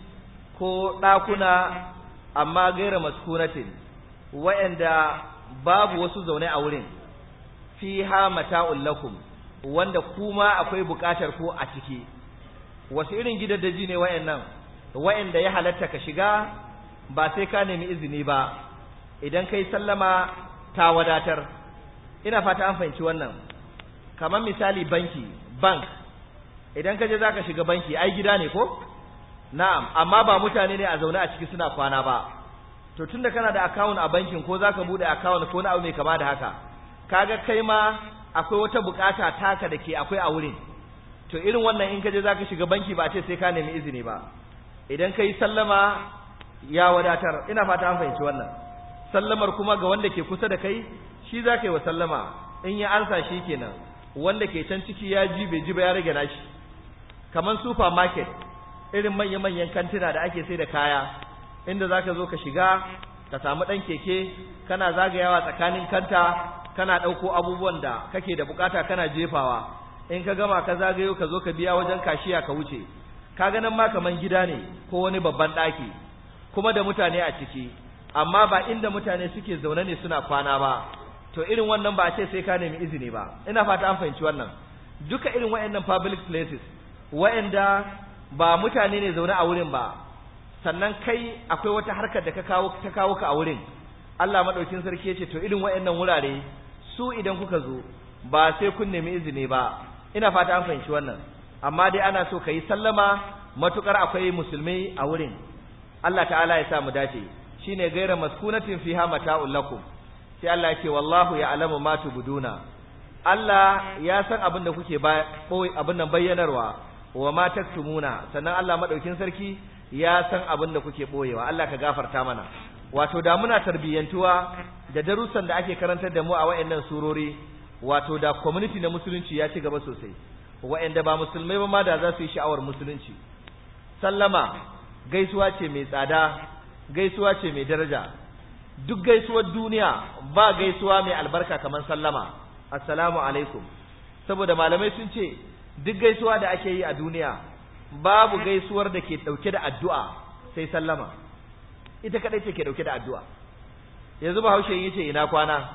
ko ɗakuna amma gaira maskunatin wa'anda babu wasu zaune a wurin fi ha mata'un lakum wanda kuma akwai buƙatar ko a ciki wasu irin gidaddaji ne wa'annan wa'anda ya halatta ka shiga ba sai ka nemi izini ba idan kai sallama ta wadatar ina fata an fahimci wannan kamar misali banki bank idan ka je za ka shiga banki ai gida ne ko na'am amma ba mutane ne a zaune a ciki suna kwana ba to tunda kana da account a bankin ko zaka bude account ko na abu mai kama da haka kaga kai ma akwai wata bukata taka da ke akwai a wurin to irin wannan in ka zaka shiga banki ba ce sai ka nemi izini ba idan kai sallama ya wadatar ina fata an fahimci wannan sallamar kuma ga wanda ke kusa da kai shi zaka yi wa sallama in ya ansa shi kenan wanda ke can ciki ya ji bai ji ba ya rage nashi kamar supermarket irin manya-manyan kantina da ake sai da kaya inda za ka zo ka shiga ka samu ɗan keke kana zagayawa tsakanin kanta kana ɗauko abubuwan da kake da bukata kana jefawa in ka gama ka zagayo ka zo ka biya wajen kashiya ka wuce ka ganin ma kaman gida ne ko wani babban ɗaki kuma da mutane a ciki amma ba inda mutane suke zaune ne suna kwana ba to irin wannan ba a ce sai ka nemi izini ba ina fata an fahimci wannan duka irin waɗannan public places waɗanda. ba mutane ne zaune a wurin ba sannan kai akwai wata harkar da ka kawo ta kawo ka a wurin Allah madaukin sarki yace to irin waɗannan wurare su idan kuka zo ba sai kun nemi izini ba ina fata an fahimci wannan amma dai ana so kai sallama matukar akwai musulmai a wurin Allah ta'ala ya sa mu dace shine gaira maskunatin fiha mata'ul lakum sai Allah yake wallahu ya'lamu ma tubuduna Allah ya san abin da kuke abin nan bayyanarwa wa ma taktumuna sannan Allah madaukin sarki ya san abin da kuke boyewa Allah ka gafarta mana wato da muna tarbiyantuwa da darussan da ake karantar da mu a wayannan surori wato da community na musulunci ya ci gaba sosai wayanda ba musulmai ba ma da za su yi sha'awar musulunci sallama gaisuwa ce mai tsada gaisuwa ce mai daraja duk gaisuwar duniya ba gaisuwa mai albarka kamar sallama assalamu alaikum saboda malamai sun ce duk gaisuwa da ake yi a duniya babu gaisuwar da ke dauke da addu'a sai sallama ita kadai ce ke dauke da addu'a yanzu bahaushe yace ina kwana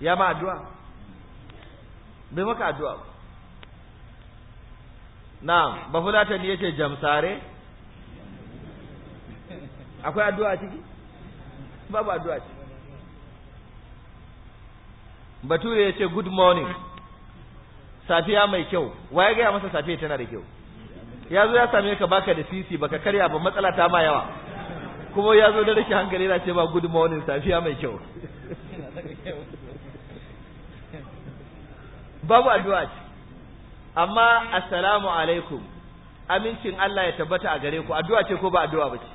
ya ma addu'a bai maka addu'a na bafulatani yace jamsare akwai addu'a ciki babu addu'a ciki bature yace good morning safiya mai kyau wa ya gaya masa safiya tana da kyau ya zo ya same ka baka da sisi baka karya ba matsala ta ma yawa kuma ya zo da rashin hankali yana ce ba good morning safiya mai kyau babu addu'a ce amma assalamu alaikum amincin Allah ya tabbata a gare ku addu'a ce ko ba addu'a ba ce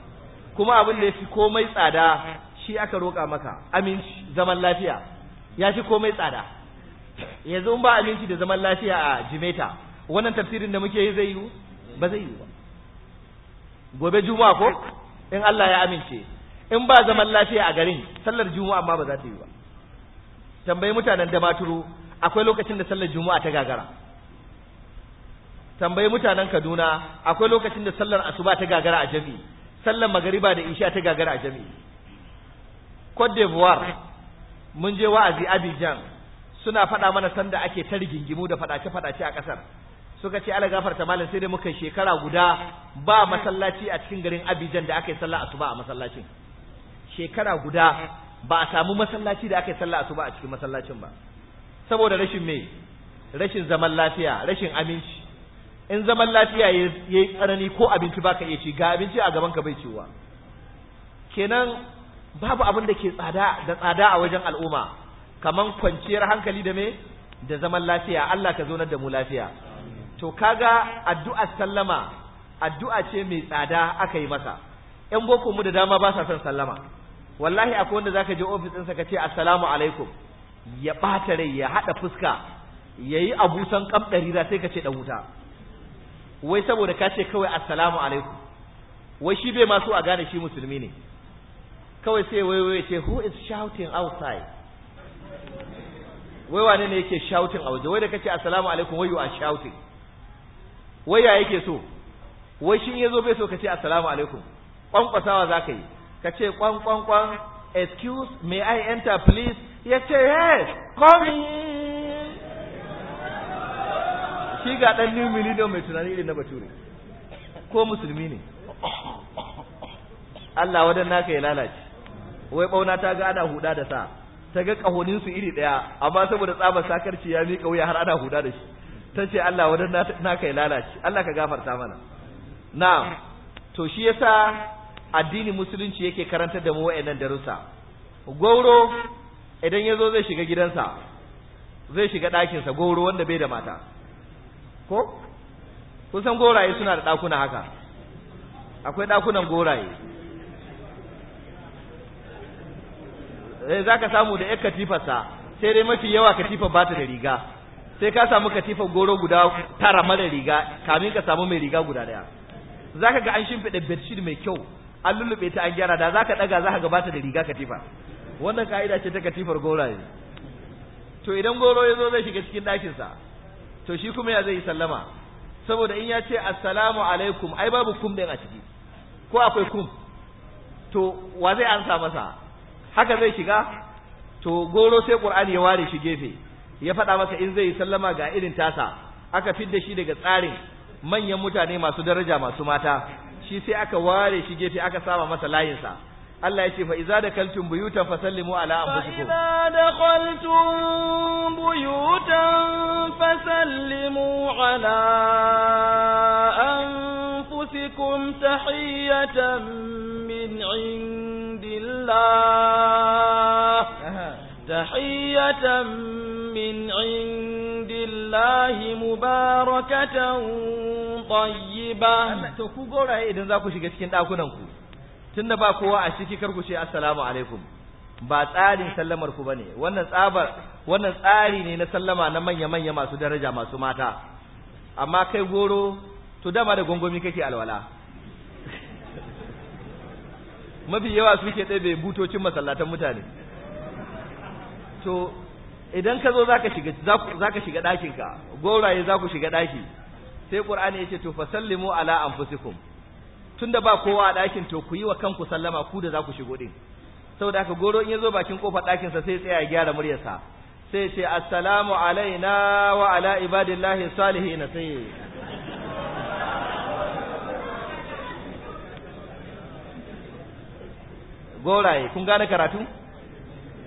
kuma abin da ya fi komai tsada shi aka roƙa maka aminci zaman lafiya ya fi komai tsada yanzu in ba aminci da zaman lafiya a jimeta wannan tafsirin da muke yi zai yi ba zai yi ba gobe juma'a ko in Allah ya amince in ba zaman lafiya a garin sallar juma'a amma ba za ta yi ba tambayi mutanen da maturu akwai lokacin da sallar juma'a ta gagara tambayi mutanen Kaduna akwai lokacin da sallar asuba ta gagara a jami'i sallar magariba da isha ta gagara a jami'i Cote d'Ivoire mun je wa'azi Abidjan suna faɗa mana sanda ake ta rigingimu da faɗace-faɗace a ƙasar suka ce ala gafarta malam sai dai muka shekara guda ba masallaci a cikin garin Abidjan da aka yi sallah asuba a masallacin shekara guda ba a samu masallaci da aka yi sallah asuba a cikin masallacin ba saboda rashin me rashin zaman lafiya rashin aminci in zaman lafiya ya yi tsanani ko abinci baka iya ci ga abinci a gaban ka bai ciwa kenan babu abin da ke tsada da tsada a wajen al'umma kaman kwanciyar hankali da me da zaman lafiya Allah ka zo nan da mu lafiya to kaga addu'a sallama addu'a ce mai tsada aka yi masa ƴan boko mu da dama ba sa son sallama wallahi akwai wanda zaka je office ɗinsa ka ce assalamu alaikum ya bata rai ya haɗa fuska ya yi abusan da sai ka ce ɗan wuta wai saboda ka ce kawai assalamu alaikum wai shi bai ma so a gane shi musulmi ne kawai sai wai wai ce who is shouting outside wai wane ne yake shouting a waje wai da kace assalamu alaikum wai you are shouting wai ya yake so wai shin yazo bai so kace assalamu alaikum kwankwasawa zaka yi kace kwan kwan kwan excuse may i enter please yace hey come in shi ga dan new millennium mai tunani irin na bature ko musulmi ne Allah wadan naka ya lalace wai bauna ta ga ana huda da sa ta ga kahonin su iri ɗaya amma saboda tsaba sakarci ya mika wuya har ana huda da shi ta ce Allah wadan na kai lalace Allah ka gafarta mana na'am to shi yasa addini musulunci yake karantar da mu wayannan darussa gauro idan yazo zai shiga gidansa zai shiga ɗakinsa gauro wanda bai da mata ko kun goraye suna da ɗakuna haka akwai ɗakunan goraye Eh, za ka samu da 'yar katifarsa sai dai mafi yawa katifar ba ta da riga sai ka samu katifar goro guda tara mara riga kamin ka samu mai riga guda daya za ka ga an shimfiɗa bedsheet mai kyau an lullube ta an gyara da za ka ɗaga za ka ga bata da riga katifa wannan ka'ida ce ta katifar goraye to idan goro ya zo zai shiga cikin ɗakinsa to shi kuma ya zai yi sallama saboda in ya ce assalamu alaikum ai babu kum ɗin a ciki ko akwai kum to wa zai ansa masa haka zai shiga to goro sai qur'ani ya ware shi gefe ya faɗa masa in zai yi sallama ga irin tasa aka fidda shi daga tsarin manyan mutane masu daraja masu mata shi sai aka ware shi gefe aka saba masa layinsa Allah ya ce fa iza dakaltum buyutan fasallimu ala anfusikum iza dakaltum buyutan fasallimu ala anfusikum لكم تحية من عند الله تحية من عند الله مباركة طيبة to ku idan za ku shiga cikin ɗakunan ku tunda ba kowa a ciki kar ku ce assalamu alaikum ba tsarin sallamar ku bane wannan tsabar wannan tsari ne na sallama na manya manya masu daraja masu mata amma kai goro to dama da gongomi kake alwala mafi yawa suke ɗabe butocin masallatan mutane to idan ka zo za ka shiga ɗakinka goraye za ku shiga ɗaki sai ƙur'ani ya ce to fasallimu ala anfusikum tunda ba kowa a ɗakin to ku yi wa kanku sallama ku da za ku shigo din saboda aka goro in ya zo bakin ƙofar ɗakinsa sai tsaya a gyara muryarsa sai ce assalamu alaina wa ala ibadillahi salihin sai goraye kun gane karatu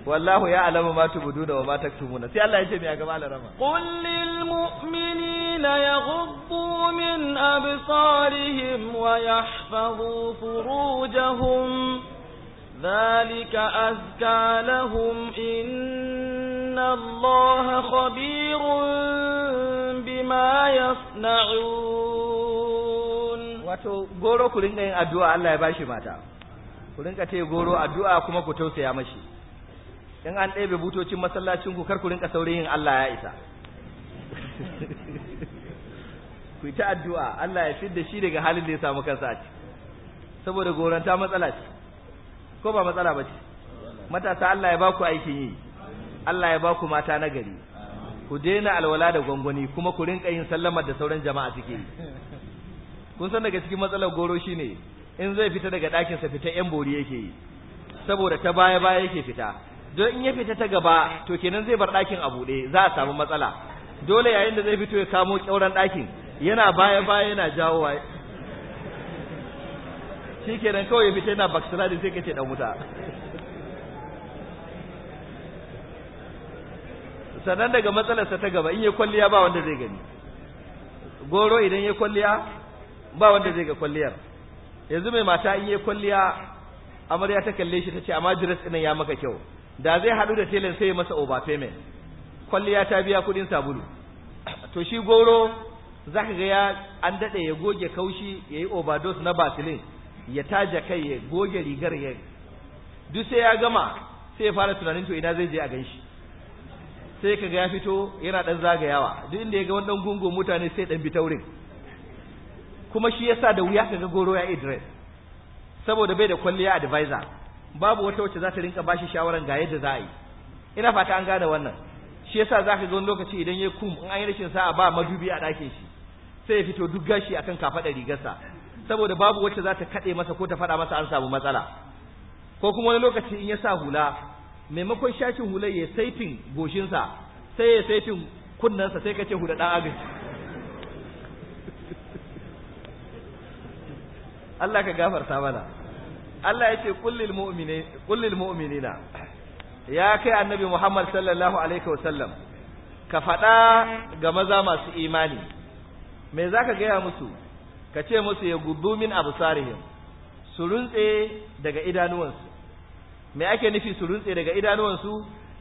wallahu ya'lamu ma tubuduna wa ma taktumuna sai Allah ce me ya gama larama qul lil mu'minina yaghuddu min absarihim wa yahfazu furujahum zalika azka lahum inna allaha khabirun bima yasna'un wato goro ku yin addu'a Allah ya bashi mata ku rinka taya goro addu'a kuma ku tausaya mashi in an ɗebe butocin masallacin ku kar ku rinka saurayin Allah ya isa ku ta addu'a Allah ya fidda shi daga halin da ya samu kansa a ci saboda goranta matsala ce ko ba matsala ba ce matasa Allah ya ba ku aikin yi Allah ya ba ku mata na gari ku daina alwala da gwangwani kuma ku rinka yin sallamar da sauran jama'a suke yi kun san daga cikin matsalar goro shine in zai fita daga ɗakinsa fita yan bori yake yi saboda ta baya baya yake fita don in ya fita ta gaba to kenan zai bar ɗakin a buɗe za a samu matsala dole yayin da zai fito ya kamo ƙyauren ɗakin yana baya baya yana jawo wa shi kenan kawai ya fita yana da sai kace dan wuta sannan daga matsalarsa ta gaba in ya kwalliya ba wanda zai gani goro idan ya kwalliya ba wanda zai ga kwalliyar yanzu mai mata in yi kwalliya amarya ta kalle shi ta ce amma dress ɗin ya maka kyau da zai haɗu da telan sai ya masa payment kwalliya ta biya kuɗin sabulu to shi goro za ka ga ya an daɗe ya goge kaushi ya yi overdose na basilin ya taja kai ya goge rigar ya duk sai ya gama sai ya fara tunanin to ina zai je a gan shi sai ka ga ya fito yana ɗan zagayawa duk inda ya ga wani ɗan gungun mutane sai ɗan bi taurin kuma shi yasa da wuya ga goro ya address saboda bai da kwalliya advisor babu wata wacce za ta rinka bashi shawaran ga yadda za a yi ina fata an gane wannan shi yasa zaka ga wani lokaci idan ya kum in an yi rashin sa'a ba madubi a ɗakin shi sai ya fito duk gashi akan kafaɗa rigarsa saboda babu wacce za ta kaɗe masa ko ta faɗa masa an samu matsala ko kuma wani lokaci in ya sa hula maimakon shakin hular ya saifin goshinsa sai ya saifin kunnensa sai ka ce hula ɗan agaji Allah ka gafarta mana Allah yace kullil mu'mini kullil mu'minina ya kai annabi Muhammad sallallahu alaihi wasallam ka faɗa ga maza masu imani me zaka gaya musu ka ce musu ya gudu min absarihim su runtse daga idanuwansu me ake nufi su runtse daga idanuwansu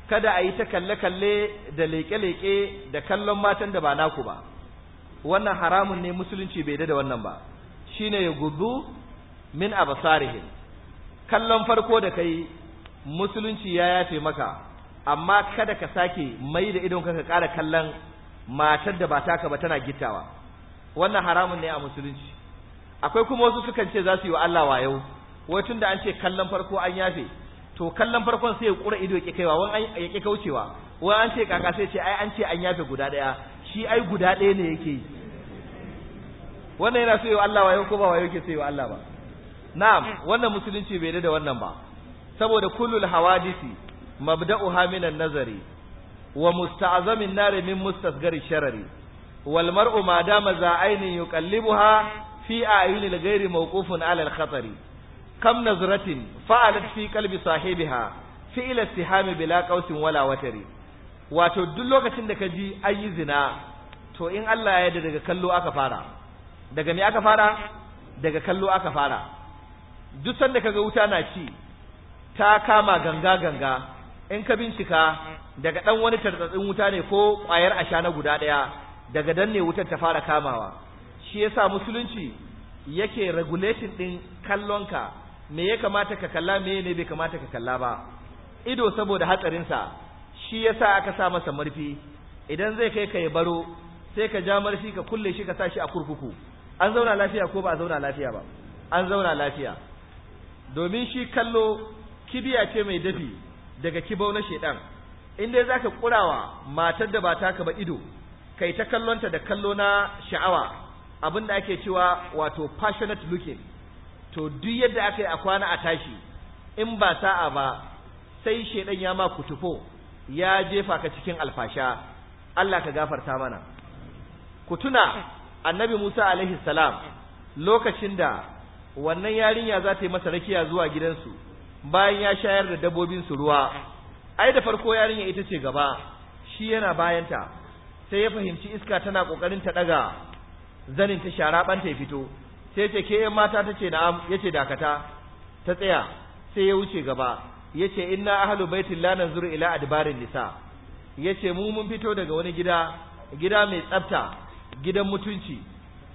kada a yi ta kalle-kalle da leƙe-leƙe da kallon matan da ba naku ba wannan haramun ne musulunci bai da wannan ba shine ya gudu min abasarihim kallon farko da kai musulunci ya yafe maka amma kada ka sake mai da idon ka ƙara kallon matar da ba taka ba tana gittawa wannan haramun ne a musulunci akwai kuma wasu suka ce za su yi wa Allah wayo wai tunda an ce kallon farko an yafe to kallon farkon sai ya kura ido ya kaiwa wani yake kaucewa wai an ce kaka sai ce ai an ce an yafe guda daya shi ai guda daya ne yake yi wannan yana so yi wa Allah wayo ko ba wayo ke so yi wa Allah ba na'am mm. wannan musulunci bai da wannan ba saboda kullul hawadisi mabdau haminan nazari wa musta'zamin nari min mustasgari sharari wal mar'u ma dama za ainin yuqallibuha fi a'yunil ghairi mawqufun 'ala al-khatari kam nazratin fa'alat fi qalbi sahibiha fi'l istihami bila kausin wala watari wato duk lokacin da ka ji ayi zina to in Allah ya yarda daga kallo aka fara daga me aka fara daga kallo aka fara duk sanda kaga wuta na ci ta kama ganga ganga in ka bincika daga dan wani tartsatsin wuta ne ko kwayar ƙwayar na guda ɗaya daga dan ne wutar ta fara kamawa shi yasa musulunci yake regulating din kallonka me ya kamata ka kalla me ne bai kamata ka kalla ba ido saboda hatsarin sa shi yasa aka sa masa murfi idan zai kai ka ya baro sai ka ja marshi ka kulle shi ka sa shi a kurkuku an zauna lafiya ko ba a zauna lafiya ba an zauna lafiya domin shi kallo kibiya ce mai dafi daga kibau na shedan in dai zaka kurawa matar da ba ka ba ido kai ta kallonta da kallo na sha'awa abin da ake cewa wato passionate looking to duk yadda aka yi a kwana a tashi in ba sa'a ba sai shedan ya ma kutufo ya jefa ka cikin alfasha Allah ka gafarta mana ku tuna annabi Musa alaihi salam lokacin da wannan yarinya za ta yi masa rakiya zuwa gidansu bayan ya shayar da dabbobin su ruwa ai da farko yarinya ita ce gaba shi yana bayanta sai ya fahimci iska tana kokarin ta daga zanin ta shara banta ya fito sai ce ke 'yan mata tace na'am yace dakata ta tsaya sai ya wuce gaba yace inna ahlu baitin la nazuru ila adbarin nisa yace mu mun fito daga wani gida gida mai tsafta gidan mutunci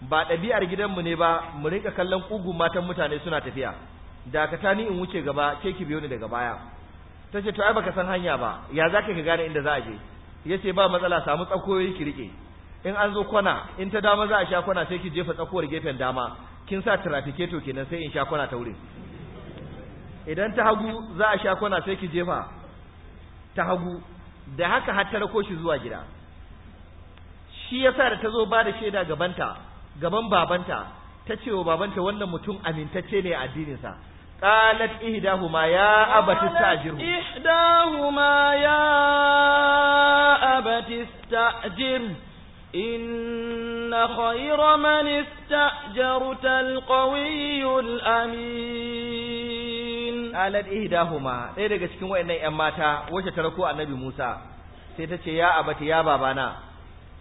ba ɗabi'ar gidanmu ne ba mu rinka kallon ƙugu matan mutane suna tafiya dakata ni in wuce gaba ke ki biyo ni daga baya ta ce to ai baka san hanya ba ya za ka gane inda za a je ya ce ba matsala samu tsakoyoyi ki rike in an zo kwana in ta dama za a sha kwana sai ki jefa tsakowar gefen dama kin sa trafiketo kenan sai in sha kwana ta wurin idan ta hagu za a sha kwana sai ki jefa ta hagu da haka har ta rako shi zuwa gida shi yasa da ta zo ba da shaida gabanta gaban babanta ta ce wa babanta wannan mutum amintacce ne a addininsa قالت إحداهما ya أبت استأجره إحداهما يا أبت استأجره إن خير من استأجرت القوي Amin. قالت إحداهما ɗaya daga cikin wayannan 'yan mata wacce ta rako annabi Musa sai ta ce ya abati ya babana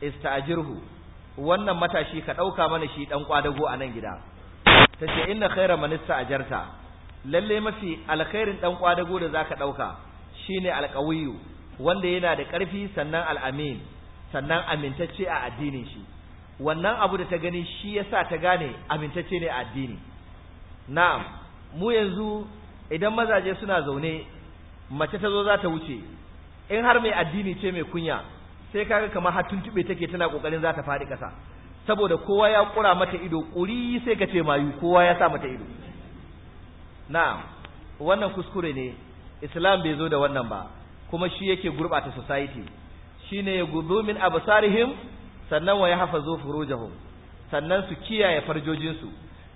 istajirhu wannan matashi ka dauka mana shi dan kwadago a nan gida tace inna khaira man istajarta lalle mafi alkhairin dan kwadago da zaka dauka shine alqawiyyu wanda yana da karfi sannan al'amin sannan amintacce a addinin shi wannan abu da ta gani shi yasa ta gane amintacce ne a addini na'am mu yanzu idan mazaje suna zaune mace ta zo za ta wuce in har mai addini ce mai kunya sai kaga kamar har tuntube take tana kokarin za ta faɗi ƙasa saboda kowa ya kura mata ido ƙuri sai ka ce mayu kowa ya sa mata ido na'am wannan kuskure ne islam bai zo da wannan ba kuma shi yake gurbata society shine ya gudu min absarihim sannan wa yahfazu furujahum sannan su kiyaye farjojinsu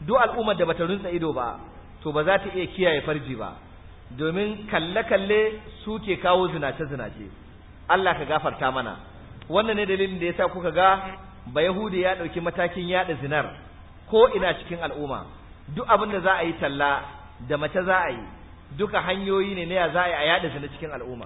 duk al'ummar da bata rinsa ido ba to ba za ta iya kiyaye farji ba domin kalle-kalle suke kawo zinace-zinace Allah ka gafarta mana wannan ne dalilin da yasa kuka ga ba yahudi ya dauki matakin yada zinar ko ina cikin al'umma duk abin da za a yi talla da mace za a yi duka hanyoyi ne na ya za a yi a yada zina cikin al'umma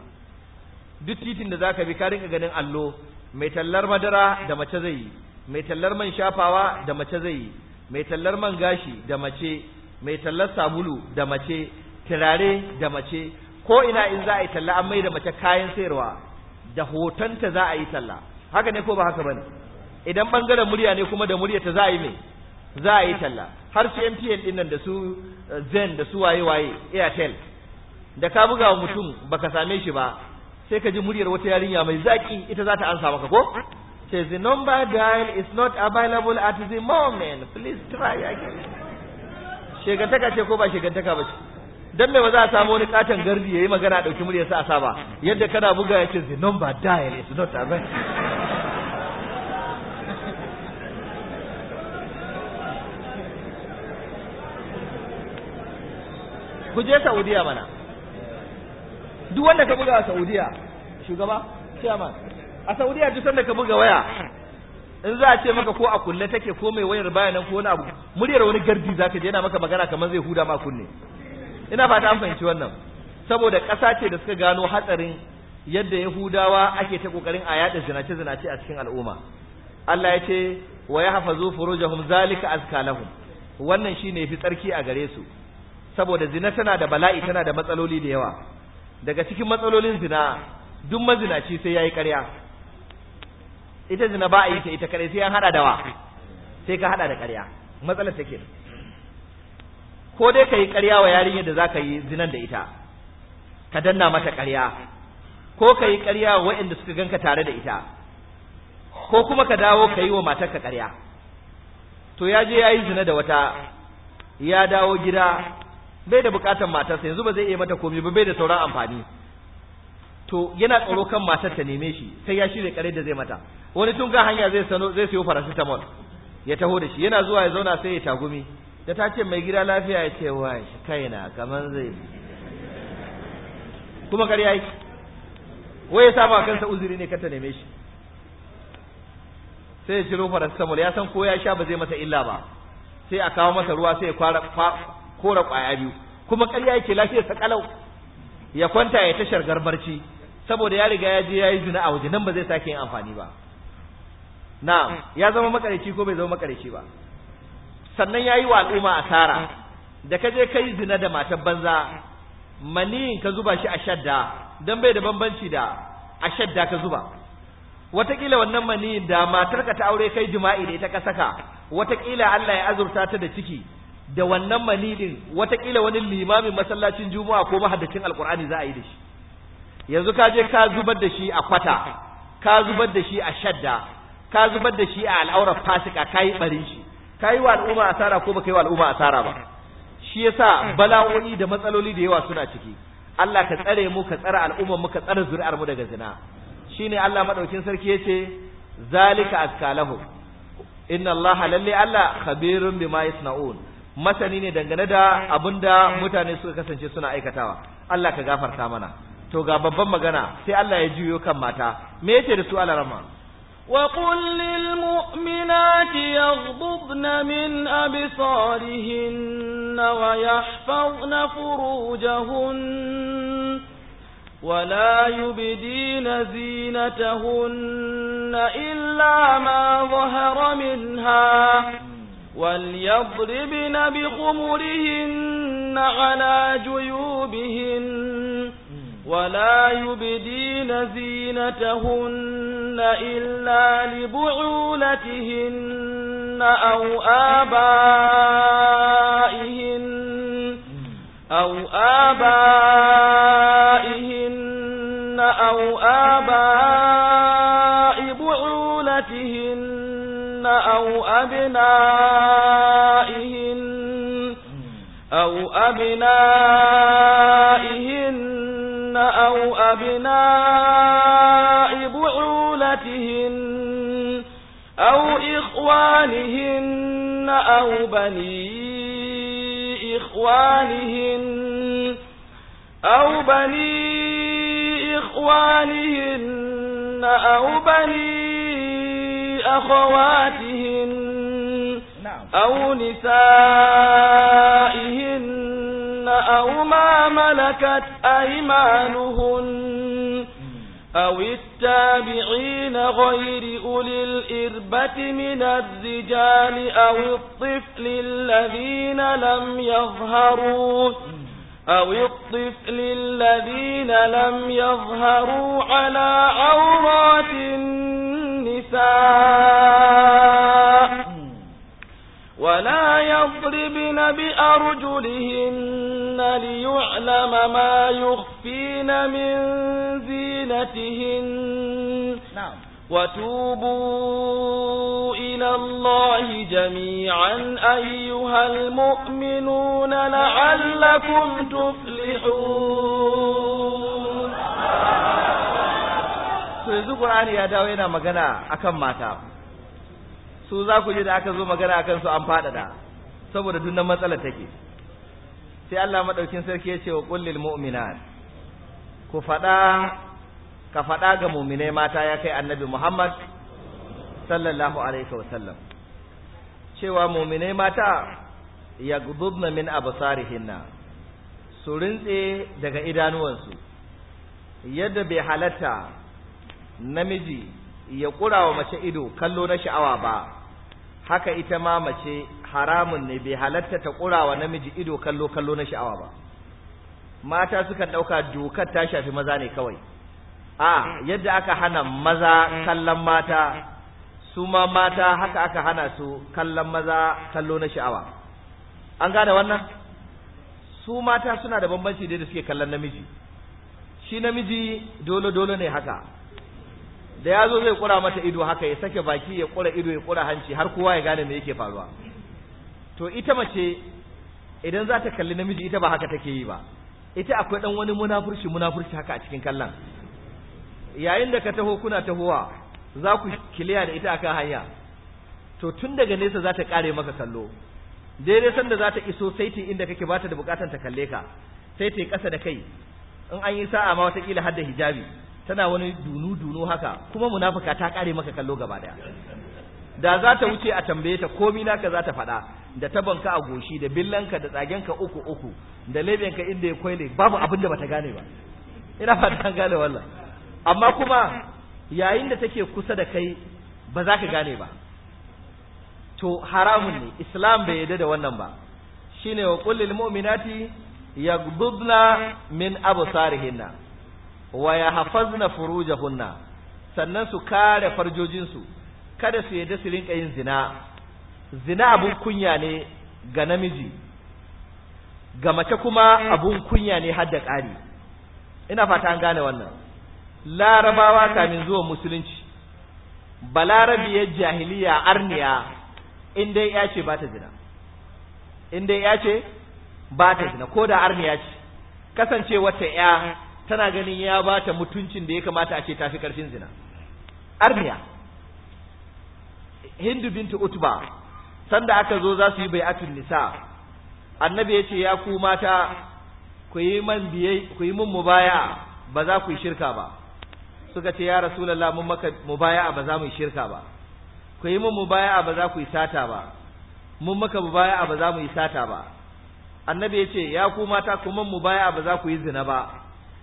duk titin da zaka bi ka rinka ganin allo mai tallar madara da mace zai yi mai tallar man shafawa da mace zai yi mai tallar man gashi da mace mai tallar sabulu da mace turare da mace ko ina in za a yi talla an mai da mace kayan sayarwa da hotonta za a yi sallah haka ne ko ba haka bane idan bangaren murya ne kuma da muryarta za a yi me za a yi talla har su MTN din nan da su eh, Zen da su waye waye Airtel da ka buga wa mutum baka same shi ba sai ka ji muryar wata yarinya mai zaki ita za ta ansa maka ko says the number dial is not available at the moment please try again shegantaka ce ko ba shegantaka ba ce dan me ba za a samu wani katon gardi yayi magana a dauki muryarsa a saba yadda kana buga yace the number dial is not available ku je Saudiya mana duk wanda ka buga a Saudiya shugaba chairman a Saudiya duk sanda ka buga waya in za a ce maka ko a kulle take ko mai wayar bayanan ko wani abu muryar wani gardi ka je yana maka magana kamar zai huda ma kunne ina fata an fahimci wannan saboda ƙasa ce da suka gano hatsarin yadda yahudawa ake ta kokarin a yada zinace zinace a cikin al'umma Allah ya ce wa yahfazu furujahum zalika azkalahum wannan shine fi tsarki a gare su saboda zina tana da bala'i tana da matsaloli da yawa daga cikin matsalolin zina duk mazinaci sai yayi ƙarya ita zina ba a yi ta ita kare sai an hada da wa sai ka hada da ƙarya matsalar take ko dai ka yi ƙarya wa yarinyar da za ka yi zinan da ita ka danna mata ƙarya ko ka yi ƙarya wa waɗanda suka ganka tare da ita ko kuma ka dawo ka yi wa matarka ƙarya to ya je ya yi zina da wata ya dawo gida bai da buƙatar matarsa yanzu ba zai iya mata komi ba bai da sauran amfani to yana tsaro kan matar ta neme shi sai ya shirya ƙarya da zai mata wani tun ga hanya zai sano zai siyo paracetamol ya taho da shi yana zuwa ya zauna sai ya tagumi da ta ce mai gida lafiya ya ce wai kaina kamar zai kuma ƙarya yake wai ya saba kansa uzuri ne ta neme shi sai ya ciro farastamol ya san ko ya sha ba zai masa illa ba sai a kawo masa ruwa sai ya kwara kora kwaya biyu kuma karya yake lafiyar sa kalau ya kwanta ya tashar garbarci saboda ya riga ya je ya yi zina a waje nan ba zai sake yin amfani ba na ya zama makarici ko bai zama makarici ba sannan yayi wa al'umma asara da ka je kai zina da matar banza maniyin ka zuba shi a shadda dan bai da bambanci da a shadda ka zuba watakila wannan mani da matar ka ta aure kai jima'i da ita ka saka watakila Allah ya azurta ta da ciki da wannan maniyin watakila wani limamin masallacin juma'a ko mahaddacin alqur'ani za a yi da shi yanzu ka je ka zubar da shi a kwata ka zubar da shi a shadda ka zubar da shi a al'aurar fasika ka yi barin shi ka yi wa al'umma asara ko baka yi wa al'umma asara ba shi yasa bala'o'i da matsaloli da yawa suna ciki Allah ka tsare mu ka tsare al'ummar mu ka tsare zuri'ar mu daga zina shine Allah madaukin sarki yace zalika askalahu inna Allah lalle Allah khabirun bima yasnaun masani ne dangane da abinda mutane suka kasance suna aikatawa Allah ka gafarta mana to ga babban magana sai Allah ya juyo kan mata me yace da su alarama وقل للمؤمنات يغضبن من أبصارهن ويحفظن فروجهن ولا يبدين زينتهن إلا ما ظهر منها وليضربن بخمرهن على جيوبهن ولا يبدين زينتهن إلا لبعولتهن أو آبائهن أو آبائهن أو آباء بعولتهن أو أبنائهن أو أبنائهن أو أبناء بعولتهن أو إخوانهن أو بني إخوانهن أو بني إخوانهن أو بني أخواتهن نعم. أو نسائهن أو ما ملكت أيمانهن أو التابعين غير أولي الإربة من الرجال أو الطفل الذين لم يظهروا أو الطفل الذين لم يظهروا على عورات النساء ولا يضربن بأرجلهن يعملن ليعلم ما يخفين من زينتهن نعم وتوبوا إلى الله جميعا أيها المؤمنون لعلكم تفلحون yanzu Qur'ani ya dawo yana magana akan mata su za ku ji da aka zo magana akan su an faɗaɗa saboda na matsalar take sai Allah madaukin sarki ya ce wa kullil mu'minan ku fada ka faɗa ga mu'minai mata ya kai annabi Muhammad sallallahu alaihi wa sallam cewa mu'minai mata ya gudubna min absarihinna su rintse daga idanuwansu yadda bai halatta namiji ya ƙura wa mace ido kallo na sha'awa ba haka ita ma mace haramun ne bai halatta ta ƙurawa namiji ido kallo kallo na sha'awa ba mata sukan ɗauka dokar ta shafi maza ne kawai a yadda aka hana maza kallon mata su ma mata haka aka hana su kallon maza kallo na sha'awa an gane wannan su mata suna da bambanci da suke kallon namiji shi namiji dole dole ne haka da ya zo zai kura mata ido haka ya sake baki ya kura ido ya kura hanci har kowa ya gane me yake faruwa to ita mace idan za ta kalli namiji ita ba haka take yi ba ita akwai dan wani munafurci munafurci haka a cikin kallon yayin da ka taho kuna tahowa za ku kiliya da ita akan hanya to tun daga nesa za ta kare maka kallo daidai sanda za ta iso ta inda kake bata da bukatan ta kalle ka sai ta yi kasa da kai in an yi sa'a ma watakila har da hijabi tana wani dunu-dunu haka kuma munafuka ta kare maka kallo gaba daya da za ta wuce a tambaye ta komi naka za ta faɗa da tabanka a goshi da billanka da tsagenka uku uku da lebenka inda ya kwaile babu abin da bata gane ba ina fata an gane wallah amma kuma yayin da take kusa da kai ba za ka gane ba to haramun ne islam bai yarda da wannan ba shine wa qul lil mu'minati yaghdudna min absarihinna wa yahfazna furujahunna sannan su kare farjojinsu kada su yarda su rinka yin zina zina abun kunya ne ga namiji ga mace kuma mm. abun kunya ne hadda ƙari ina fata an gane wannan larabawa kamin zuwa musulunci balarabiyar jahiliya arniya in ya ce ba ta zina in ya ce ba ta zina ko da arniya ce kasance wata ya tana ganin ya ba ta mutuncin da ya kamata a ce tafi karfin zina arniya hindu bintu utba sanda aka zo za su yi bai'atul nisa annabi ya ce ya ku mata ku yi man biyai ku yi mun mubaya ba za ku yi shirka ba suka ce ya rasulullah mun maka mubaya ba za mu yi shirka ba ku yi mun mubaya ba za ku yi sata ba mun maka mubaya ba za mu yi sata ba annabi ya ce ya ku mata ku mun mubaya ba za ku yi zina ba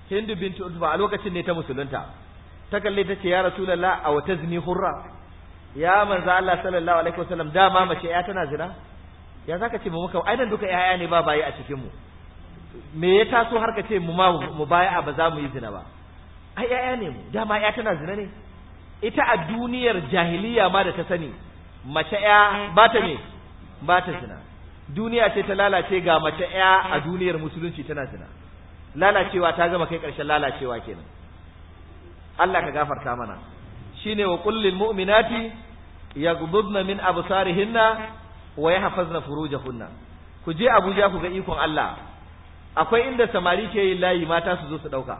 hindu bintu utba a lokacin ne ta musulunta ta kalle ta ce ya rasulullah a wata zini hurra ya manzo Allah sallallahu alaihi wasallam dama mace ya tana zina ya zaka ce mu muka ai dan duka yaya ne ba bayi a cikin mu me ya taso har ka ce mu ma mu baya ba za mu yi zina ba ai yaya ne mu dama ya tana zina ne ita a duniyar jahiliya ma da ta sani mace ya ba ta ne ba ta zina duniya ce ta lalace ga mace ya a duniyar musulunci tana zina lalacewa ta gama kai karshen lalacewa kenan Allah ka gafarta mana shine wa kullil mu'minati yaghdudna min absarihinna wa yahfazna furujahunna ku je Abuja ku ga ikon Allah akwai inda samari ke yin layi mata su zo su dauka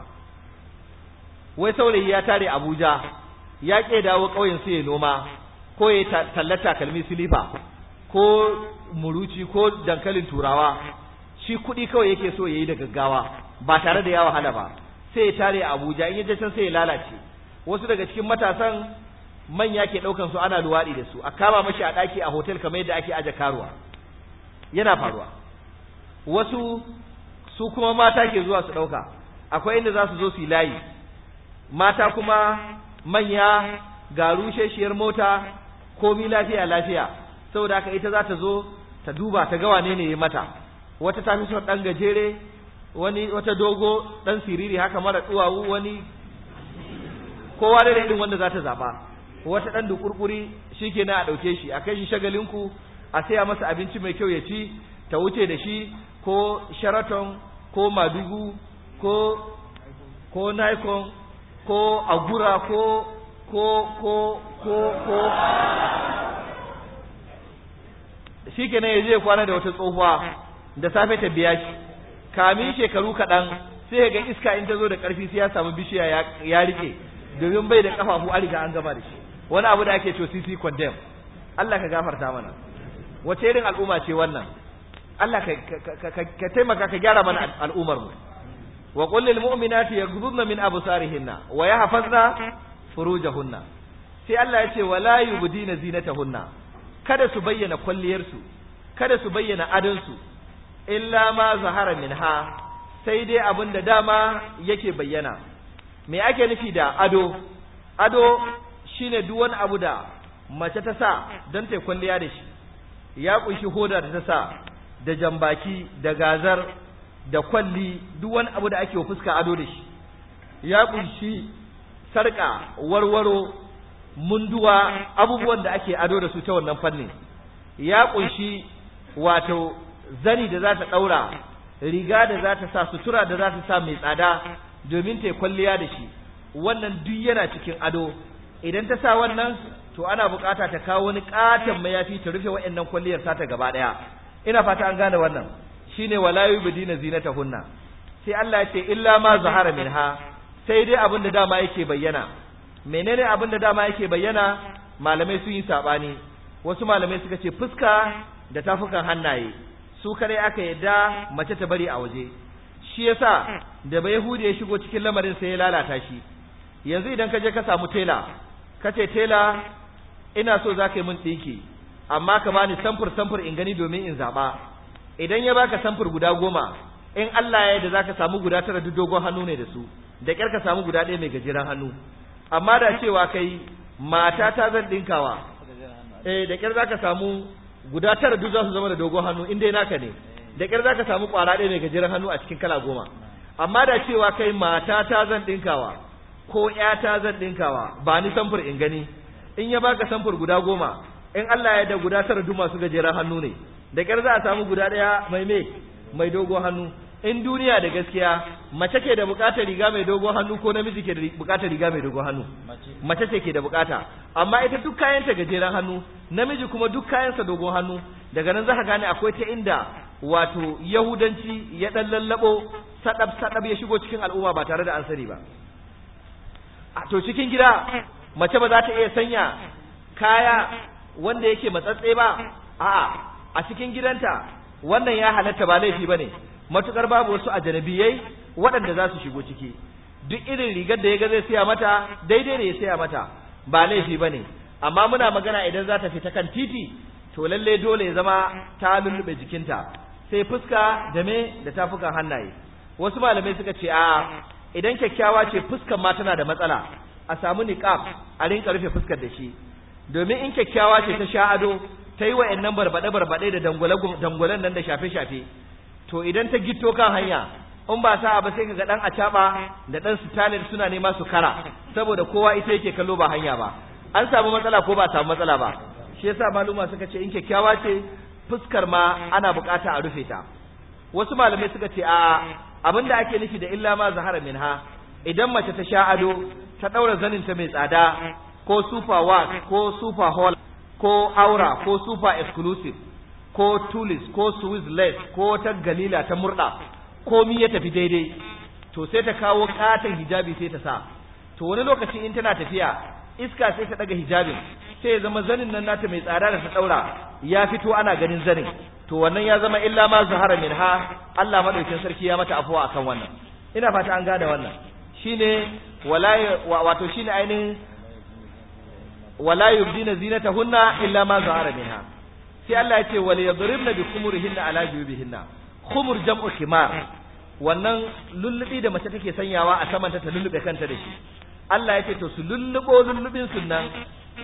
wai saurayi ya tare Abuja ya ke dawo kauyen su ya noma ko ya tallata kalmi silifa ko muruci ko dankalin turawa shi kuɗi kawai yake so ya yi da gaggawa ba tare da ya wahala ba sai ya tare Abuja in ya je can sai ya lalace wasu daga cikin matasan manya ke ɗaukan su ana luwaɗi da su a kama mashi a ɗaki a hotel kamar yadda ake aje karuwa yana faruwa wasu su kuma mata ke zuwa su ɗauka akwai inda za su zo su yi layi mata kuma manya ga rusheshiyar mota komi lafiya lafiya saboda haka ita za ta zo ta duba ta ga wane ne ya mata wata ta fi son ɗan gajere wani wata dogo ɗan siriri haka mara duwawu wani kowa da irin wanda za ta zaɓa wata ɗan dukurkuri shi ke na a ɗauke shi a kai shi shagalinku a saya masa abinci mai kyau ya ci ta wuce da shi ko sheraton ko madugu ko ko nikon ko agura ko ko ko ko ko shi ke na ya je kwana da wata tsohuwa da safe ta biya shi kamin shekaru kaɗan sai ga iska in ta zo da ƙarfi sai ya samu bishiya ya rike domin bai da ƙafafu an riga an gama da shi wani abu da ake cewa CC condemn Allah ka gafarta mana wace irin al'umma ce wannan Allah ka taimaka ka gyara mana al'ummar mu wa qul lil mu'minati yaghuddna min absarihinna wa yahfazna furujahunna sai Allah ya ce wala yubdina zinatahunna kada su bayyana kwalliyarsu kada su bayyana adonsu illa ma zahara minha sai dai abin da dama yake bayyana me ake nufi da ado ado shine duk wani abu da mace ta sa don ta yi kwalliya da shi ya kunshi hoda da ta sa da jambaki da gazar da kwalli duk wani abu da ake wa fuska ado da shi ya kunshi sarka warwaro munduwa abubuwan da ake ado da su ta wannan fannin ya kunshi wato zani da za ta daura riga da za ta sa sutura da za ta sa mai tsada domin ta yi kwalliya da shi wannan duk yana cikin ado idan ta sa wannan to ana bukata ta kawo wani katon mayafi ta rufe wa'annan kwalliyar sata gaba daya ina fata an gane wannan shine wala yubdina zinatahunna sai Allah ya ce illa ma zahara minha sai dai abin da dama yake bayyana menene abin da dama yake bayyana malamai sun yi sabani wasu malamai suka ce fuska da tafukan hannaye su kare aka yadda mace ta bari a waje shi yasa da bai hude ya shigo cikin lamarin sai ya lalata shi yanzu idan ka je ka samu tela kace tela ina so za yi min ɗinki amma ka bani samfur samfur in gani domin in zaɓa idan ya baka samfur guda goma in Allah ya yarda za ka samu guda tara duk dogon hannu ne da su da ƙyar ka samu guda ɗaya mai gajeren hannu amma da cewa kai mata ta zan ɗinkawa eh da ƙyar za ka samu guda tara duk za su zama da dogon hannu in dai naka ne da ƙyar za ka samu ƙwara ɗaya mai gajeren hannu a cikin kala goma amma da cewa kai mata ta zan ɗinkawa ko ƴata zan ɗinkawa ba ni samfur in gani in ya baka samfur guda goma in Allah ya da guda tara duma su gajeren hannu ne da ƙyar za a samu guda ɗaya mai me mai dogo hannu in duniya da gaskiya mace ke da bukatar riga mai dogon hannu ko namiji ke da bukatar riga mai dogon hannu mace ce ke da bukata amma ita duk kayanta gajeren hannu namiji kuma duk kayansa dogo hannu daga nan za ka gane akwai ta inda wato yahudanci ya dan lallabo sadab sadab ya shigo cikin al'umma ba tare da an sani ba to cikin gida eh. mace ba za ta iya sanya eh. kaya eh. wanda yake matsatse ba a'a a cikin gidanta wannan ya halatta ba laifi bane matukar babu wasu a jana'biyai waɗanda za su shigo ciki duk irin rigar da ya ga zai saya mata daidai ne ya saya mata ba laifi bane amma muna magana idan za ta fita kan titi to lalle dole ya zama ta lullube jikinta sai fuska da me da tafukan hannaye wasu malamai suka ce a idan kyakkyawa ce fuskar ma tana da matsala a samu niqab a rinka rufe fuskar da shi domin in kyakkyawa ce ta sha ado ta yi wa'annan barbaɗe barbaɗe da dangwalen nan da shafe shafe to idan ta gito kan hanya in ba sa'a ba sai ka ga a caɓa da ɗan stalin suna nema su kara saboda kowa ita yake kallo ba hanya ba an samu matsala ko ba a samu matsala ba shi yasa maluma suka ce in kyakkyawa ce fuskar ma ana bukata a rufe ta wasu malamai suka ce a abinda ake nufi da illa ma zahara minha idan mace ta sha ado ta daura zanin ta mai tsada ko super wax ko super hall ko aura ko super exclusive ko tulis ko swiss lace ko ta galila ta murda komi ya tafi daidai to sai ta kawo ƙaton hijabi sai ta sa to wani lokacin in tana tafiya iska sai ta daga hijabin sai ya zama zanin nan nata mai tsada da ta daura ya fito ana ganin zanin to wannan ya zama illa ma zahara ha, Allah madaukin sarki ya mata afuwa akan wannan ina fata an gada wannan shine wala wato shine ainin wala yubdina zinatahunna illa ma zahara minha sai Allah ya ce wal yadribna bi khumurihinna ala jubihinna khumur jam'u khimar wannan lullubi da mace take sanyawa a saman ta ta lullube kanta da shi Allah ya ce to su lullubo lullubin sunan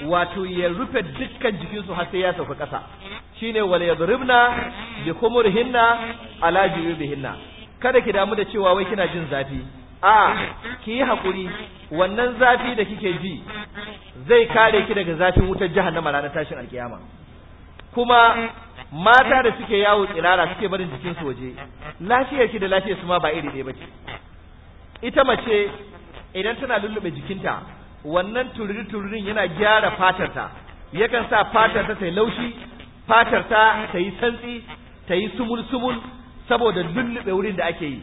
wato ya rufe dukkan jikinsu har sai ya sauka ƙasa shine wal yadribna bi khumurihinna ala jubihinna kada ki damu da cewa wai kina jin zafi a ki yi hakuri wannan zafi da kike ji zai kare ki daga zafin wutar jahannama ranar tashin alkiyama kuma mata da suke yawo tsirara suke barin jikin su waje lafiyar ki da lafiyar su ma ba iri ɗaya bace ita mace idan tana lullube jikinta wannan tururi tururin yana gyara fatarta yakan sa fatarta ta laushi fatar ta ta yi santsi ta yi sumul-sumul saboda lullube wurin da ake yi